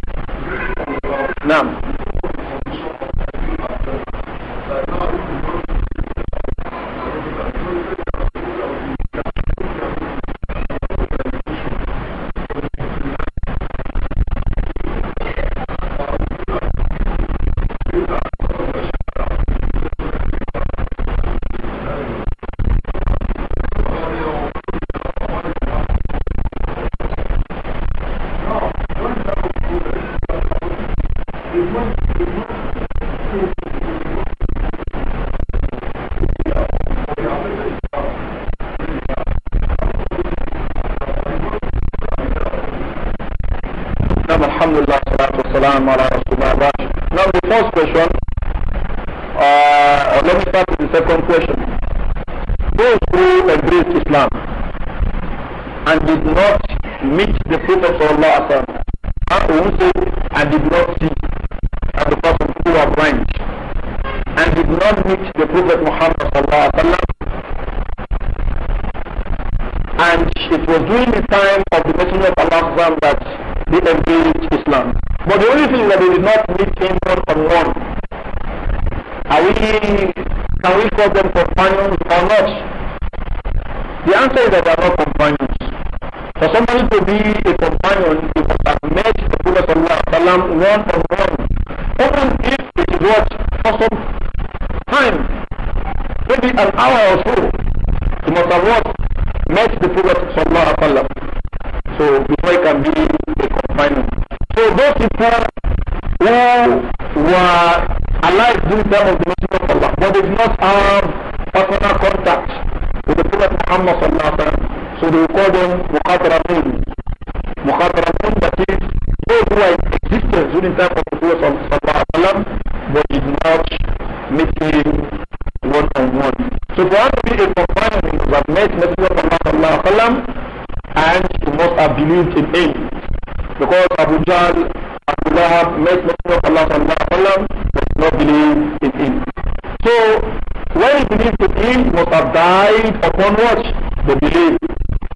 John, Abu met Allah sallallahu alaihi wasallam, not believe in him. So, when he believes in him, he must have died upon watch The belief.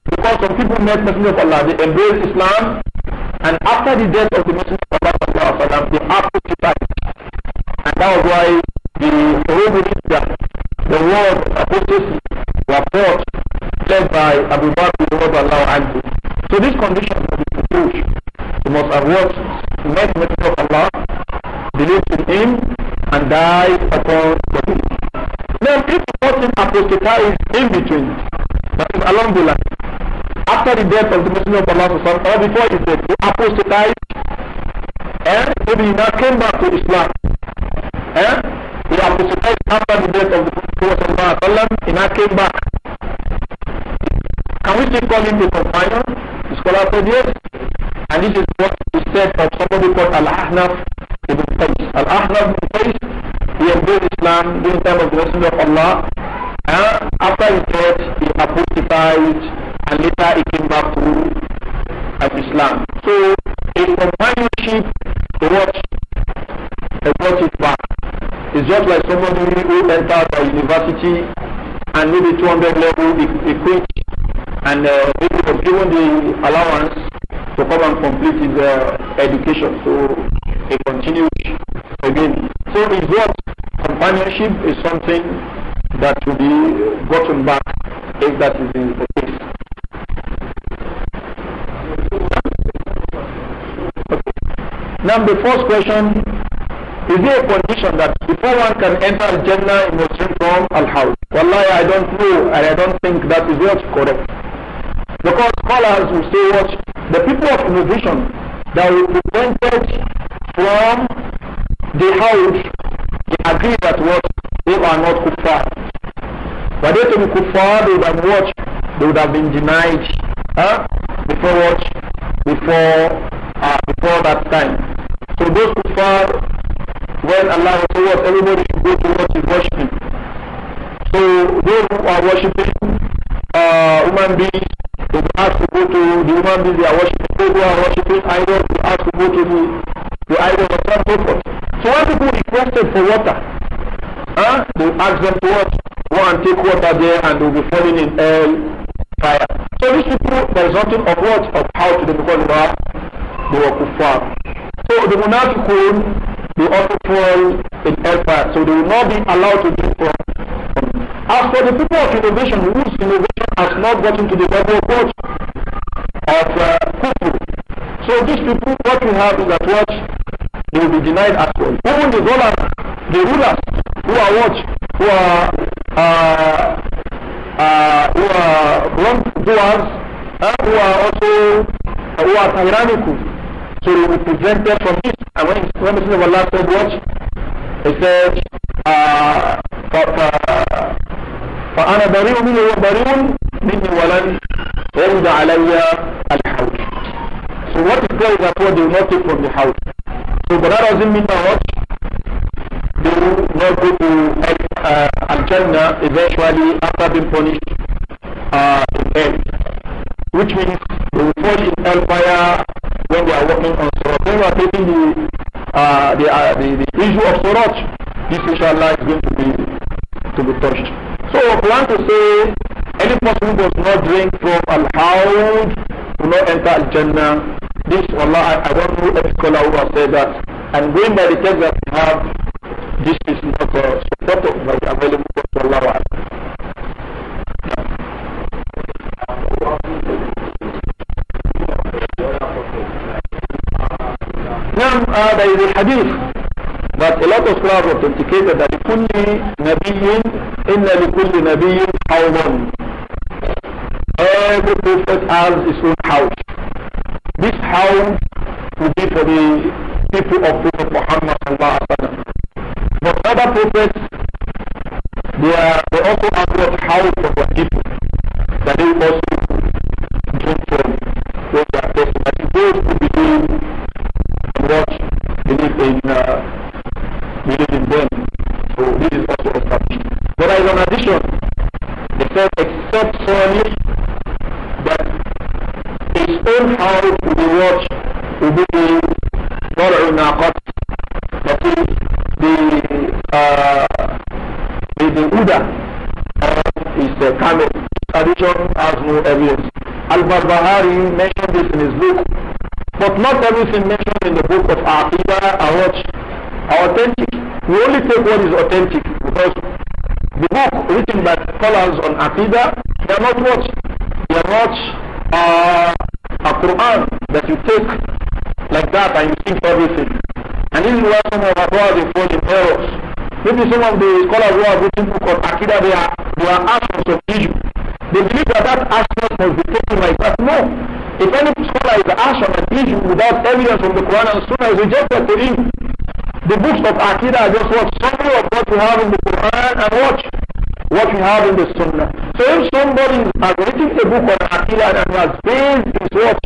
Because some people met Messenger of Allah, they embraced Islam, and after the death of the Messenger of the Messenger of Allah before He apostatized and eh, maybe he now came back to Islam. And eh, he apostatized after the death of the Prophet He now came back. Can we still call him the companion? The scholar said yes. And this is what is said of somebody called Al-Ahnaf ibn Qais. Al-Ahnaf ibn Qais, he embraced Islam during the time of the Messenger of Allah after his death, he apostatized and later he came back to Islam. So a companionship brought, brought it back. It's just like somebody who entered a university and maybe 200 level, he, he quit and uh, he was given the allowance to come and complete his uh, education. So he continued again. So his what companionship is something that will be gotten back if that is the case. Okay. Now the first question, is there a condition that before one can enter Jannah in Muslim from Al-House? Wallahi, I don't know and I don't think that is what's correct. Because scholars will say what the people of innovation that will be prevented from the house, they agree that what who are not kuffar. but they to be kuffar, they would have watched, They would have been denied huh? before watch, Before, uh, before that time. So those kuffar, when Allah was what? Everybody should go to what is worshipping. So those who are worshipping uh, human beings, they will ask to go to the human beings they are worshipping. Those who are worshipping idols, they ask to go to the, the idols and so forth. So when people requested for water, Huh? They ask them to Go and take water there and they'll be falling in hell fire. So these people, there is nothing of what? Of how to do because they were, they were kuffar. So the munafiqun, they also fall in fire, So they will not be allowed to drink from as for the people of innovation, whose innovation has not gotten to the level of what? Of uh, people. So these people, what we have is that what? They will be denied as well. Even the dollar. The rulers who are what? Who are, uh, uh, who are wrongdoers, uh, who are also, uh, who are tyrannical. So we prevent them from this. And when, when the Messenger of Allah said what? He said, uh, فأنا بريء منه وبريء مني ولن يرد علي الحول. So what is there is that what they will not take from the house. So but that doesn't mean that what do not go to uh, Al-Jannah eventually after being punished uh, in hell. Which means they will fall in hellfire when they are working on Surat. When we are taking the, uh, the, uh, the, the issue of Surat, this inshallah is going to be, to be touched. So plan to say any person who does not drink from Al-Hawd will not enter Al-Jannah. This, Allah, I, I don't know any scholar who has said that. And going by the text that we have, this is not a supported of the available to allow us. Now, uh, there is a hadith but a lot of scholars indicated that لكل نبي إن لكل نبي حوضا Every prophet has his own house. This house will be for the people of Prophet Muhammad Bukhari mentioned this in his book. But not everything mentioned in the book of Aqidah are what? Are authentic. We only take what is authentic because the book written by scholars on Aqidah, they are not what? They are not uh, a Quran that you take like that and you think everything. And this is why some of our brothers fall errors. Maybe some of the scholars who have written books on Aqidah, they are, they are asked of Egypt. They believe that that act must be taken like that. No. If any scholar is ash on an issue without evidence from the Quran and Sunnah is rejected to him. The books of Aqidah are just what summary of what we have in the Quran and watch what we have in the Sunnah. So if somebody has written a book on Aqidah and has based his what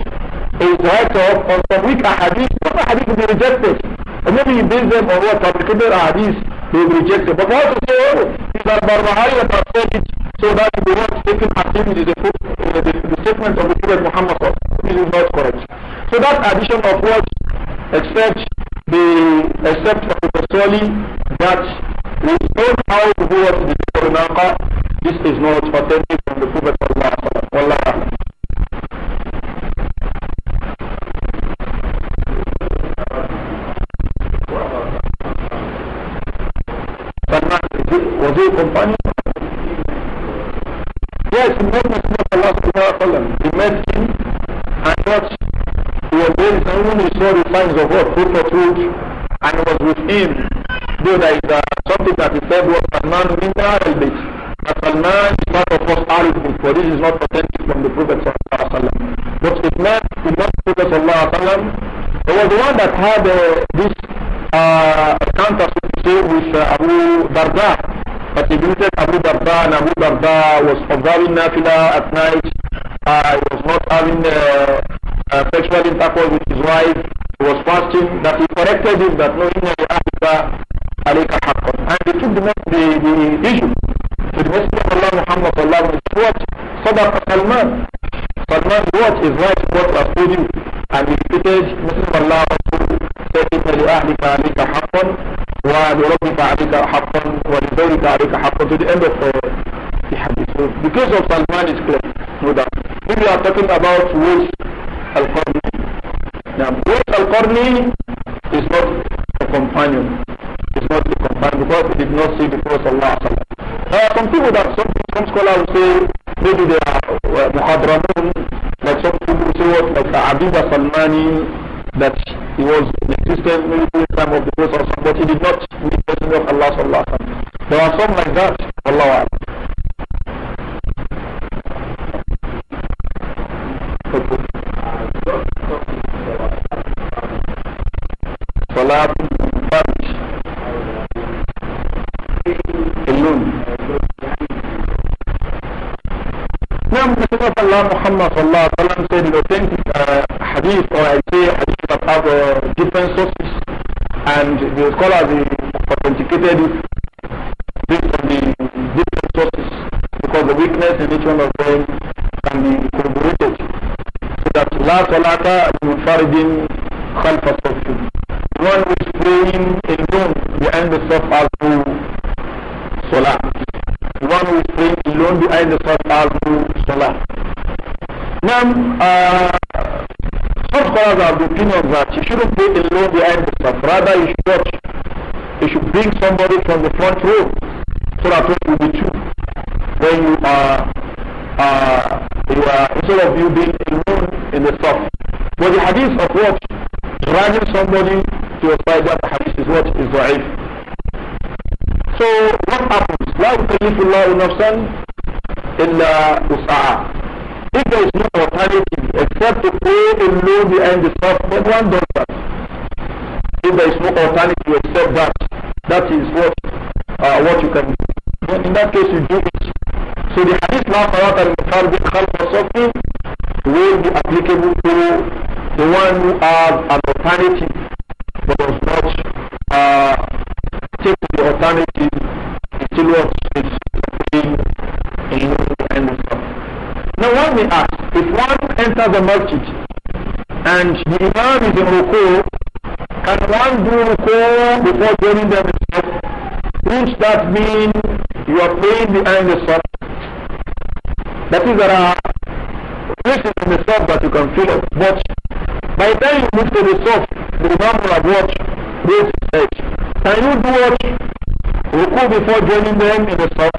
his write-up on some weak hadith, some hadith will be rejected. And maybe he based them on what applicable hadith they will reject it. But also say, oh, he's al-Barbahari that has so that the want taken as if it is the, uh, the, the statement of the Prophet Muhammad is not correct. So that addition of what except the except of the Soli that we don't how to do what the Naqa, this is not authentic from the Prophet Allah. Allah. Uh, was he a companion? to know this not Allah subhanahu wa ta'ala, he met him and watched. he was doing, and when he saw the signs of what, food not food, and was with him, though there is uh, something that he said was Salman Minna al-Bayt. That Salman is part of us Arifin, for this is not authentic from the Prophet sallallahu alaihi wasallam. But it meant the not Prophet sallallahu alaihi wasallam. It was the one that had uh, this uh, so to say, with uh, Abu Darda he visited Abu Darda and Abu Darda was observing Nafila at night. Uh, he was not having uh, uh, sexual intercourse with his wife. He was fasting. That he corrected him that no, inna ahlika alayka haqqan. And they took the, the, the issue to the Messenger of Allah Muhammad sallallahu alaihi wasallam. What? Sadaq Salman. Salman what is right what was told you and he repeated Muslim Allah said إن لأهلك عليك حقا ولربك عليك حقا ولزوجك عليك حقا to the end of uh, the hadith so the case of Salman is clear no doubt if you are talking about Wais Al-Qarni now Wais Al-Qarni is not a companion It is not a companion because he did not see the Prophet Allah there are some people that some, some scholars will say maybe they are uh, muhadramun, like some people say like the Salmani, that he was in existence maybe during the time of the Prophet or but he did not meet the Messenger of Allah sallallahu There are some like that, Allah Okay. Now, Messenger of Allah Muhammad sallallahu alaihi wasallam said in authentic uh, hadith or idea, say hadith that have uh, different sources, and the scholars authenticated it based on the different sources because the weakness in each one of them can be corroborated. So that la salata munfaridin khalfa safin. One who is praying alone behind the self as Now, uh, some scholars are the opinion that you shouldn't pay the loan behind the staff. Rather, you should watch. You should bring somebody from the front row so that it will be When you are, uh, you are instead of you being alone in the staff. But the hadith of what? Dragging somebody to a side that hadith is what is right. So what happens? لا يكلف الله in إلا وسعها if there is no alternative except to pay a loan behind the stuff, but one does that. If there is no alternative except that, that is what uh, what you can do. In that case, you do it. So the hadith now about al mutarbi khalq or something will be applicable to the one who has an alternative but does not uh, take the alternative the masjid and the imam is in ruku, can one do ruku before joining the masjid? Wouldn't that mean you are praying behind the sun? That is, there are places in the sun that you can fill up. But by the time you move to the sun, the imam will have watched Raised his Can you do what? Ruku before joining them in the sun?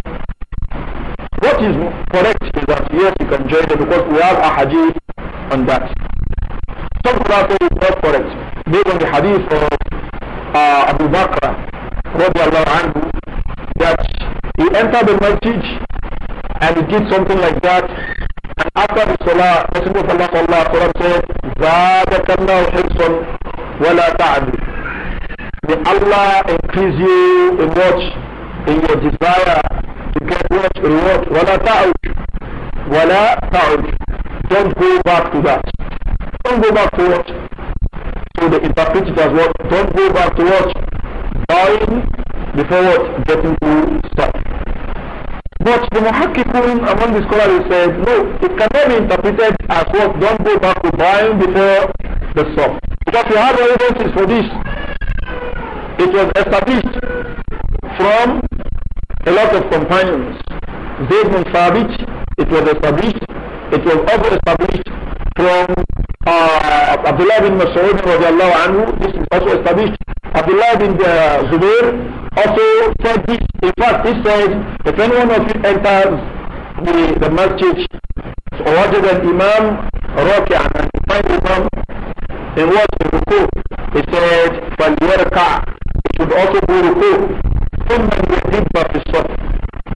What is correct is that yes, you can join them because we have a hadith on that. Some people is not correct. Based on the hadith of uh, Abu Bakr, anhu, that he entered the masjid and he did something like that. And after the salah, Rasulullah of Allah sallallahu alayhi wa said, ذَادَكَ اللَّهُ وَلَا تَعْدِ May Allah increase you in what? In your desire you get what? Reward. Wala ta'uj. Wala ta'uj. Don't go back to that. Don't go back to what? So the interpreter does what? Don't go back to what? Buying before what? Getting to stuff. But the Muhakkikun among the scholars said, no, it cannot be interpreted as what? Don't go back to buying before the stuff. Because we have evidence for this. It was established from a lot of companions. Zayd not Thabit, it was established, it was also established from uh, Abdullah bin Mas'ud radiallahu anhu, this is also established. Abdullah bin uh, Zubair also said this, in fact he said, if anyone of you enters the, the masjid or watches an imam, raki'an, and find imam, in what? In ruku. He said, فَلْيَرْكَعْ should also do ruku ثم يدب في الصف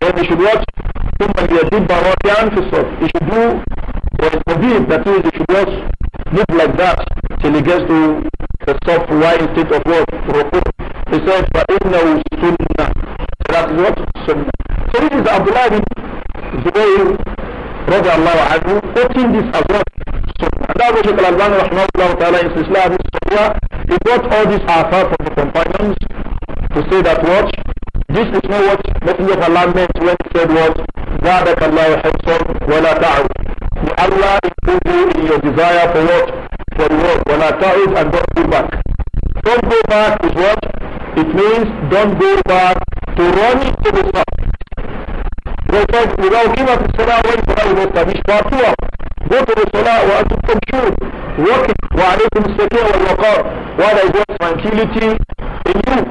then he should watch ثم يدب راكعا في الصف he should do والتدريب that is he should watch move like that till he gets to the soft why state of what ruku he said فإنه سنة that is what sunnah so this is Abdullah bin Zubayr radiallahu anhu, Putting this as well. So, and that's what Sheikh Al-Albani rahmahullah ta'ala in Islam, he brought all these afar from the companions to say that watch. This is not what Messenger of Allah meant when he said what? ذَابَكَ اللَّهُ حِفْصًا وَلَا تَعُدْ May Allah include you in your desire for what? For the world. reward. وَلَا تَعُدْ and don't go back. Don't go back is what? It means don't go back to running to the sun. الناس يراوا قيمة الصلاة وانتوا يبقى مش مقطوع بطل الصلاة وأنتم تمشون وقف وعليكم السكينة والوقار ولا is tranquility in you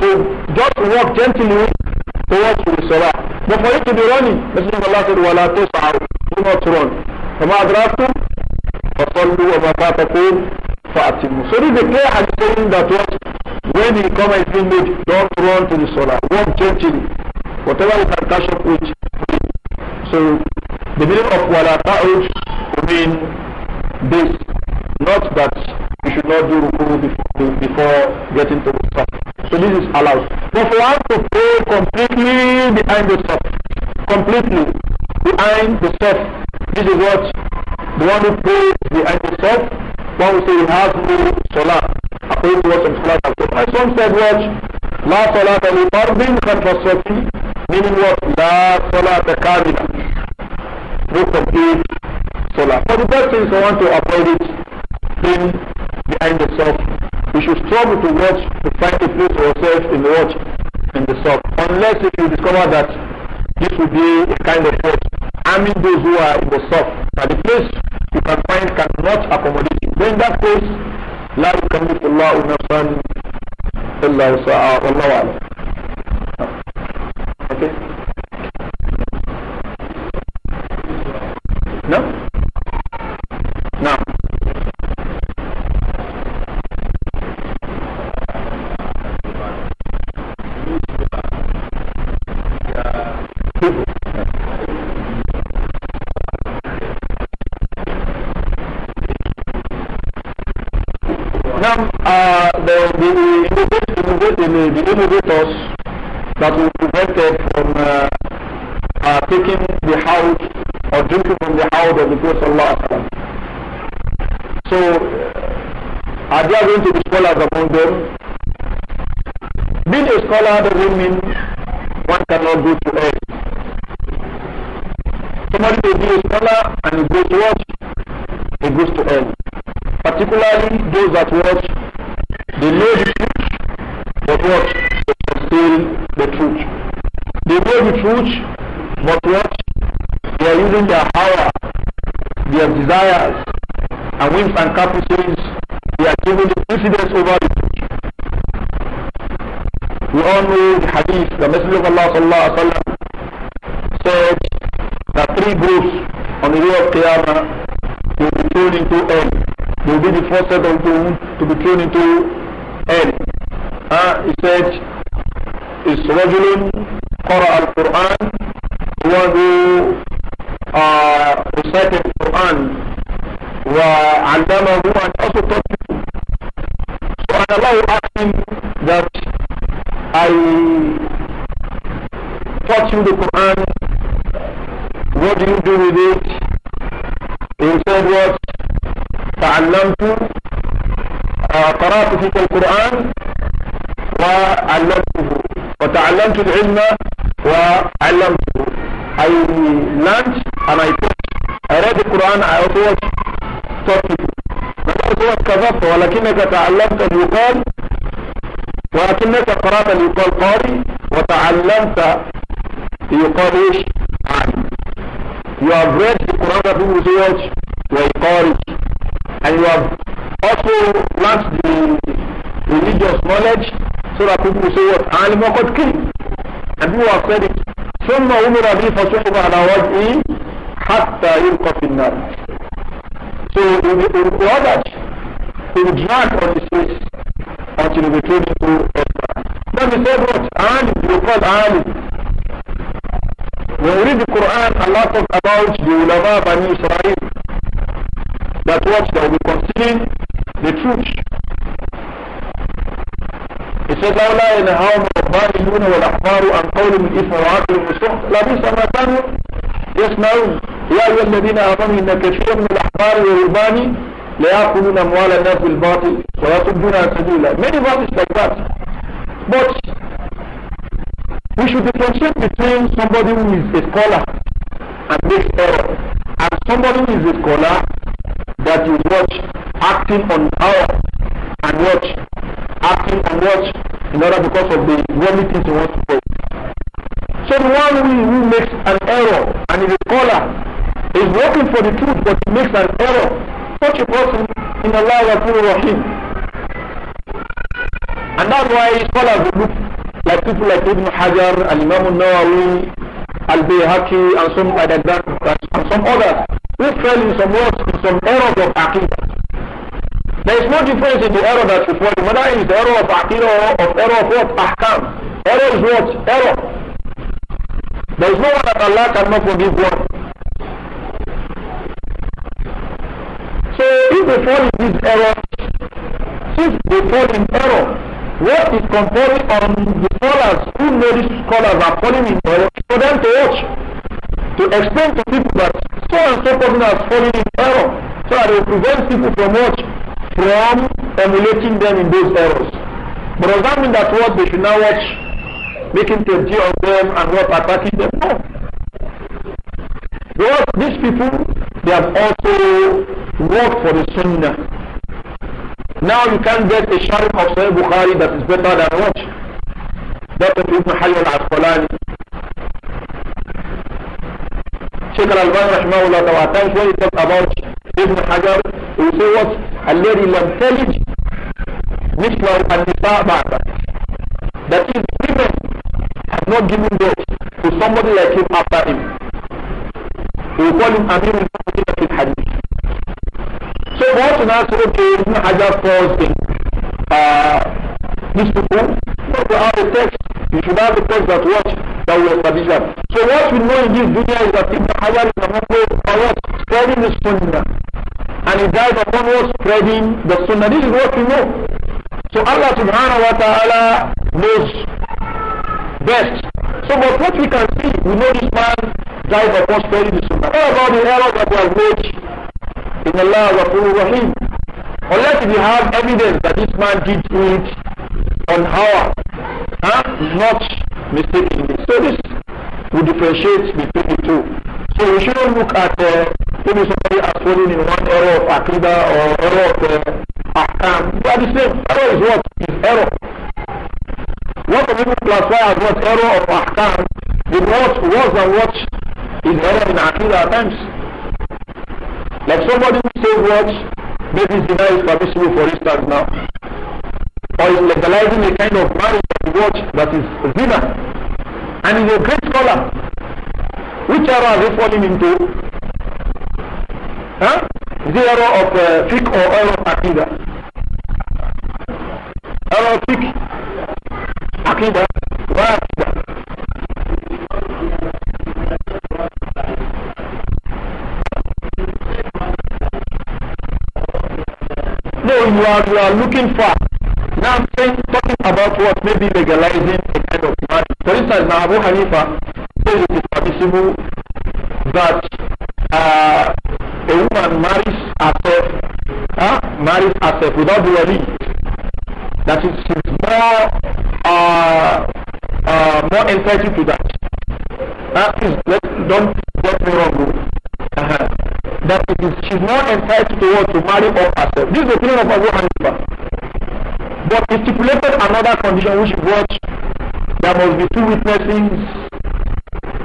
so just walk gently towards the salah but for you to be running Messenger of Allah said ولا تسعوا do not run فما أدراكم فصلوا وما فاتكم فأتموا so this is the clear hadith saying that what when the comment is being made don't run to the salah walk gently Whatever you can catch up with. So the meaning of wala ta'ud mean this, not that you should not do ruku before, before getting to the So this is allowed. But for one to pray completely behind the stop, completely behind the stop, this is what the one who prays behind the stop, one will say he has no salah. According to what some scholars have said. And some said what? La salata li fardin khalfasati, meaning what? La salata kamila. No complete salah. For the first thing I want to avoid it in behind the self. We should struggle to watch, to find a place for ourselves in the watch, in the self. Unless if you discover that this will be a kind of hurt, Harming those who are in the self. That the place you can find cannot accommodate you. Then that case, لا يكلف الله نفسا إلا وسعها والله أعلم the will the innovators that will prevent prevented from uh, uh, taking the house or drinking from the house of the Prophet Sallallahu So, uh, are uh, there going to be scholars among them? Being a scholar doesn't mean one cannot go to hell. Somebody may be a scholar and he goes to watch, He goes to hell. Particularly those that watch they know the truth, but what? They conceal the truth. They know the truth, but what? They are using their power, their desires, and whims and caprices. They are giving the precedence over the truth. We all know the hadith, the Messenger of Allah sallallahu alaihi wasallam said that three groups on the way of Qiyamah will be thrown into hell. They will be the first set of them to be thrown into قال ها إساج إس رجل قرأ القرآن وذو اساج آه، القرآن وعلمه أن أصل So and Allah asked that I taught you the Quran took the ilma I learned and I taught. I read the Quran, I also watched, taught you قوة كففت ولكنك تعلمت أن يقال ولكنك قرأت أن يقال قاري وتعلمت يقال إيش عالم You have read the Quran that people say what? ويقارج And you have also learned the religious knowledge so that people say what? عالم وقد And who have said ثم أمر به فسحب على وجهه حتى يلقى في النار. So he was urged to drag on his face until he became to Esther. Then he said what? عالم يقال عالم. When we read the Quran, Allah talks about the ulama Bani Israel. That what they will be concealing the truth said, لولا ينهاهم الربانيون والأحبار عن قولهم الإثم وعقلهم السحت لبئس ما كانوا يسمعون يا أيها الذين آمنوا إن كثيرا من الأحبار والرهبان ليأكلون أموال الناس بالباطل ويصدون عن سبيل الله. Many verses like that. But we should differentiate between somebody who is a scholar and makes error and somebody who is a scholar that is what acting on power and what acting and what in order because of the worldly things he wants to do. So the one who, who makes an error and is a caller is working for the truth but he makes an error. Such a person in Allah Rahul Rahim. And that's why scholars look like people like Ibn Hajar, Al Imam Nawawi, Al Bayhaqi, and some like that, and some others who fell in some words, in some errors of aqidah. There is no difference in the error that you fall whether it is error of aqidah or error of what? Ahkam. Error is what? Error. There is no one that Allah cannot forgive one. So if they fall in this error, since they fall in error, what is comparing on the scholars who know these scholars are falling in error for them to watch? to explain to people that so and so person has fallen in error so that it prevents people from watching? from emulating them in those errors. But does that mean that what they should now watch, making temptation of them and what attacking them? No. Because these people, they have also worked for the Sunnah. Now you can't get a sharif of Sahih Bukhari that is better than what? That of Ibn Hajar al-Asqalani. Sheikh al-Albani rahimahullah, at times when he talks about Ibn Hajar, We say what? الذي لم تلد مثله النساء بعد. That is, women have not given birth to somebody like him after him. We call him Amir al-Mu'min of hadith. So what to now say, okay, Ibn Hajar falls in this uh, these people. No, are the texts? You should have the text that what? that So what we know in this dunya is that Ibn Hajar is among those spreading the sunnah. And he died upon was spreading the sunnah. This is what we know. So Allah subhanahu wa ta'ala knows best. So but what we can see, we know this man died upon spreading the sunnah. What about the error that was made in Allah Rahim? Unless we have evidence that this man did it on our huh? not mistaking it. So this we differentiate between the two. So we shouldn't look at uh, maybe somebody has fallen in one error of Akida or error of uh, Ahkam. They are the same. Error is what? Is error. What the people classify as what error of Ahkam with what was and what is error in Akida at times. Like somebody who says what maybe zina is permissible for instance now or is legalizing a kind of marriage that watch that is zina and is a great scholar which era are they falling into huh? the era of uh, fiqh or era of Akida. era of fiqh aqidah No, you are, you are looking for now I'm saying, talking about what may be legalizing a kind of marriage. For instance, now Abu Hanifa says it is permissible that uh, a woman marries herself, huh? marries herself without the wali. That is, she's more, uh, uh, more entitled to that. That please, let, don't get me wrong. Uh-huh. That she's more entitled to what to marry or herself. This is the opinion of Abu Hanifa. But he stipulated another condition which was there must be two witnesses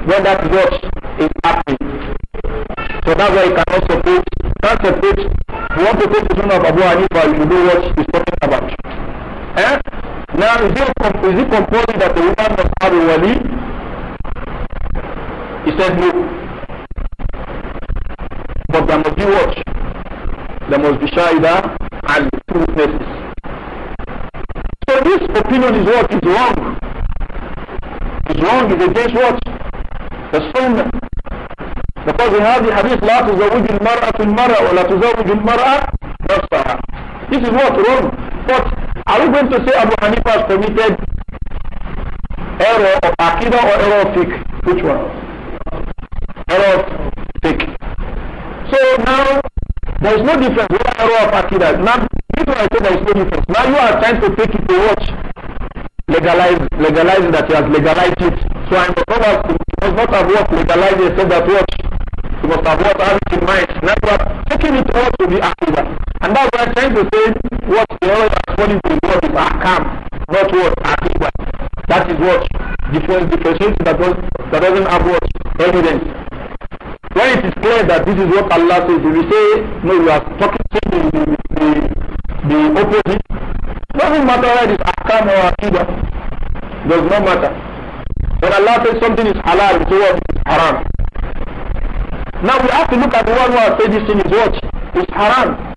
when that is happening. So that's why you cannot support. Can't support. You want to take the son of Abu Hanifa, you know what he's talking about. Eh? Now, is it, is it compulsory that the woman must have a wali? He said no. But there must be what? There must be shaida and two witnesses this opinion is what is wrong. It's wrong, it's against what? The sunnah. Because we have the hadith, لا تزوج المرأة المرأة ولا تزوج المرأة نفسها. This is what wrong. But are we going to say Abu Hanifa has committed error of Akida or error of fiqh? Which one? Error of fiqh. So now there is no difference. What error of Akida? Now people are saying there is no difference. Now you are trying to take it to watch. Legalize, legalize that he has legalized it. So I must not have, must not have what legalized it, so that watch, you must have what have it in mind. Now you are taking it all to be akida. And that's why I'm trying to say what the other according to God is akam, not what akida. That is what different differentiating that, was, that doesn't have what evidence. When it is clear that this is what Allah says, if you say no, you are talking to the the opposite. Doesn't matter whether it's akam or akida. Does not matter. When Allah says something is halal, it's what is haram. Now we have to look at the one who has said this thing is what? It's haram.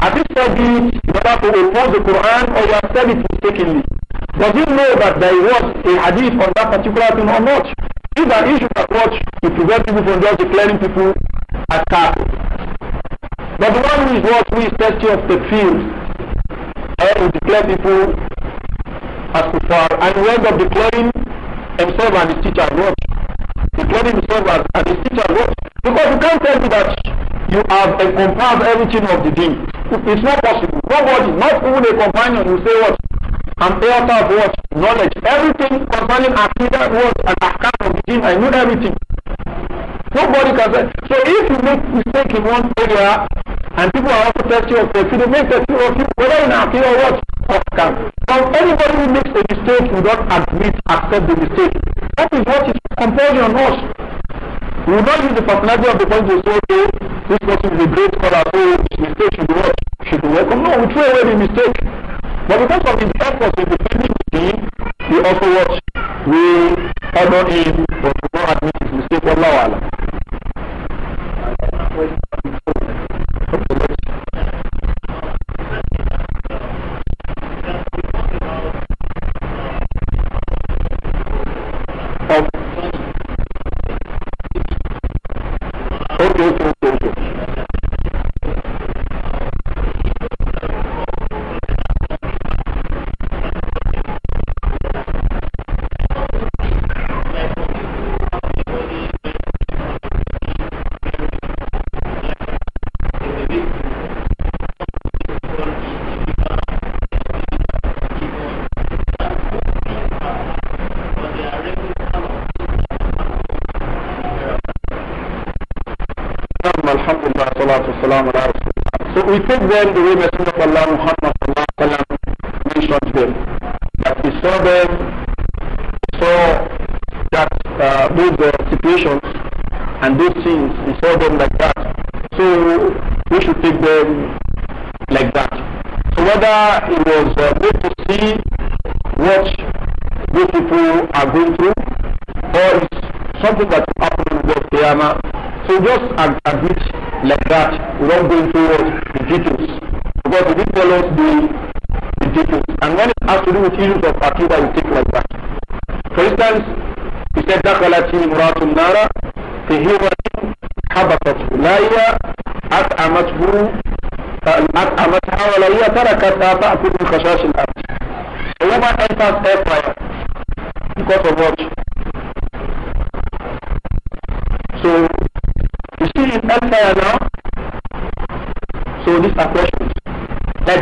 At this said it in order to oppose the Quran or you have said it mistakenly? Does he know that there was a hadith on that particular thing or not? Is an issue that watch. to prevent people from just declaring people as but one is what? Who is thirsty of the field and eh, will declare people as far, and we end up declaring himself and his teacher what? Declaring himself as, and his teacher what? Because you can't tell me that you have encompassed everything of the deen. It's not possible. Nobody, not even a companion will say what? I'm author of what? Knowledge. Everything concerning Aqidah what? and account of the deen. I knew everything. Nobody can say. So if you make mistake in one area and people are also testing of faith, you make testing of you, whether in Akira or what, of can. Now anybody who makes a mistake will not admit, accept the mistake. That is what is compulsory on us. We will not use the personality of the point to say, okay, this person is a great scholar, so his mistake should be what? Should be welcome. No, we throw away the mistake. But because of his efforts in defending the team, we also watch. We honor him, but we don't admit his mistake. Wallahu alam. So we take them the way Messenger of Allah Muhammad sallallahu alaihi wasallam mentioned them. That he saw them, saw that uh, those uh, situations and those things, he saw them like that. So we should take them like that. So whether it was uh, good to see what those people are going through, or it's something that happened in the Qiyamah, so just without going towards the details. Because he did tell us the, the details. And when it has to do with issues of activity you take like that. For instance, he said, دخلت امرأة النار طهيرة حبطته لا هي أطعمته At ولا هي تركتها تأكل من خشاش الأرض.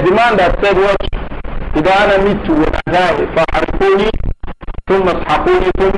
the man that said what إذا أنا مت وأنا فأعرفوني ثم اسحقوني ثم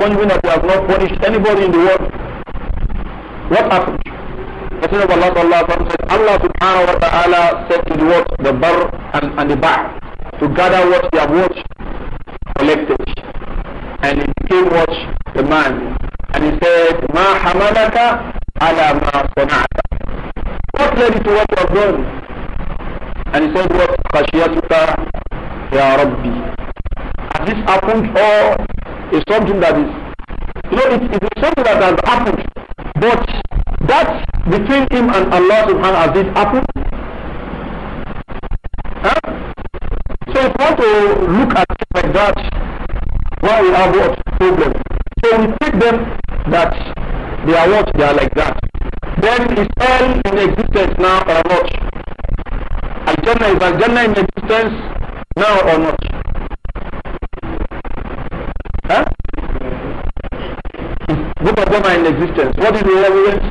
punishment that he has not punished anybody in the world. What happened? Messenger of Allah sallallahu said, Allah subhanahu wa ta'ala said to the what? The bar and, and the ba' to gather what they have what? Collected. And he came watch The man. And he said, Ma hamalaka ala ma sana'ata. What led you to what you have done? And he said, what? something that is, you know, it, it is something that has happened. But that between him and Allah subhanahu has it happened? Huh? So if you want to look at it like that, why we have what problem? So we take them that they are what they are like that. Then is all in existence now or not? Al Jannah is Al Jannah in existence now or not? of them are in existence. What is the evidence?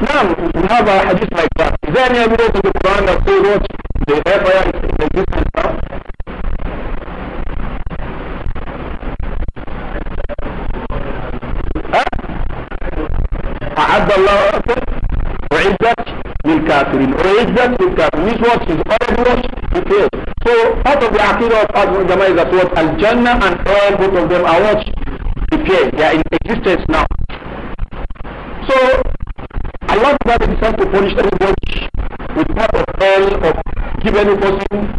Now, we have a hadith like that. Is there any evidence of the Quran that says what the hellfire in existence now? أعد الله وعزت للكافرين وعزت للكافرين means what is is Al-Jannah and all both of them are what? Prepared. They are in existence now. So, that Ta'ala decides to punish anybody with part of hell or give any person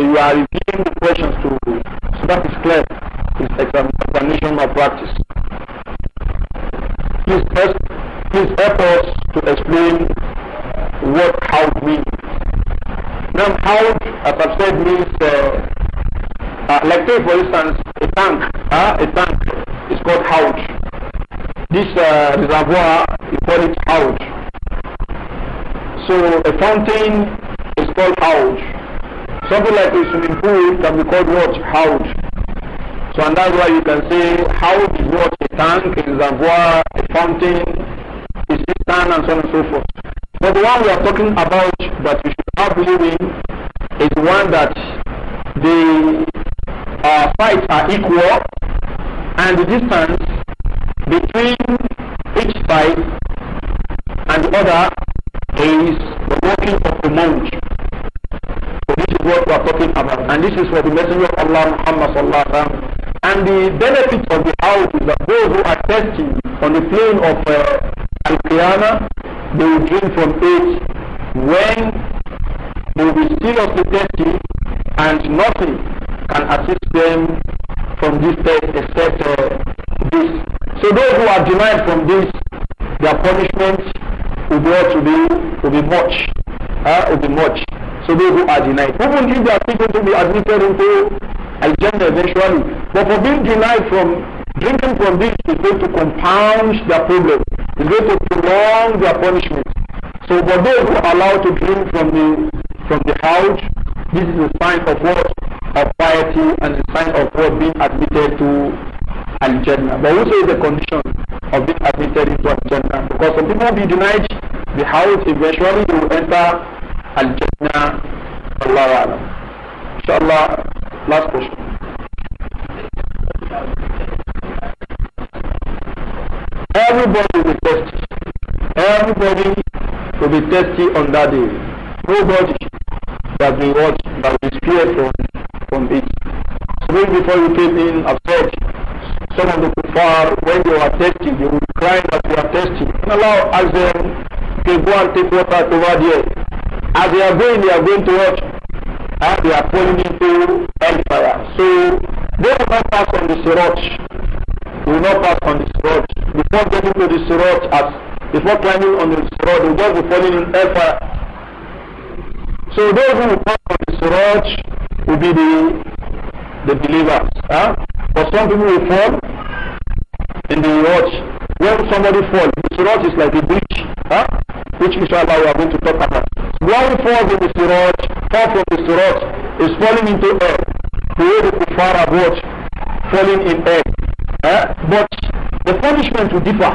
So you are repeating the questions to so that is clear. It's examination or practice. Please, first, please help us to explain what how means. Now how as I've said means uh, uh, like for instance a tank uh, a tank is called house this uh, reservoir we call it house so a fountain is called house Something like a swimming pool can be called what? House. So and that's why you can say house is what? A tank, a reservoir, a fountain, a cistern and so on and so forth. But the one we are talking about that you should have living is one that the uh, sites are equal and the distance And this is for the Messenger of Allah Muhammad sallallahu alaihi wasallam. And the benefit of the house is that those who are thirsty on the plain of uh, al qiyana they will drink from it when they will be seriously thirsty and nothing can assist them from this test except uh, this. So those who are denied from this, their punishment will be, to be, will be much are denied. Even if they are people to be admitted into agenda eventually. But for being denied from drinking from this is going to compound their problem. It's going to prolong their punishment. So for those who are allowed to drink from the from the house, this is a sign of what? Of piety and a sign of what being admitted to Al-Jannah. But also is the condition of being admitted into Al-Jannah. Because some people will be denied the house eventually they will enter Al-Jannah Allahu Alam. Inshallah, last question. Everybody will be tested. Everybody will be tested on that day. Nobody that we watch that we fear from from it. So before you came in, I've said some of the kuffar, when they are testing, they will cry that you are testing. And Allah asked them, okay, go and take water over there. As they are going, they are going to watch and they are falling into hellfire. So they will not pass on the Siraj. Will not pass on the Siraj. Before getting to the road, as before climbing on the Siraj, they just be falling in hellfire. So those who will pass on the Siraj will be the the believers. Huh? But some people will fall in the watch. When somebody falls, the road is like a bridge, huh? which inshallah we are going to talk about. One falls in the road? fall from the sirat is falling into air. The way the kuffar are what? Falling in air. Eh? But the punishment will differ.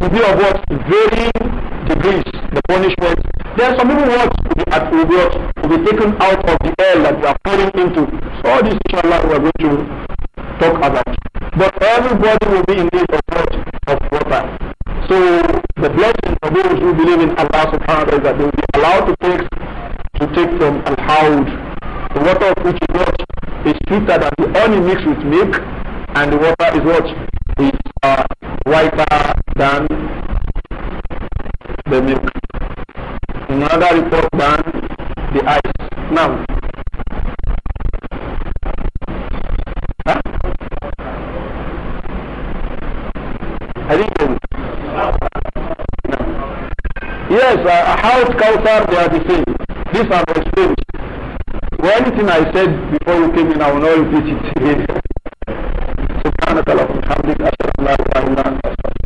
To be of what? Varying degrees, the punishment. There are some people what will be, at, will, be be taken out of the air that they are falling into. So all this inshallah we are going to talk about. But everybody will be in need of what? Of water. So the blessing of those who believe in Allah subhanahu wa ta'ala is that they will be allowed to take to take from al hawd the water of which is what is sweeter than the honey mixed with milk and the water is what is uh, whiter than the milk. another report than the ice. Now huh? I think Yes, uh, Haut, Kautar, they are the same. These are the stones. Well, anything I said before you came in, I will not repeat it again. سبحانك اللهم وبحمدك أشهد أن لا إله إلا أنت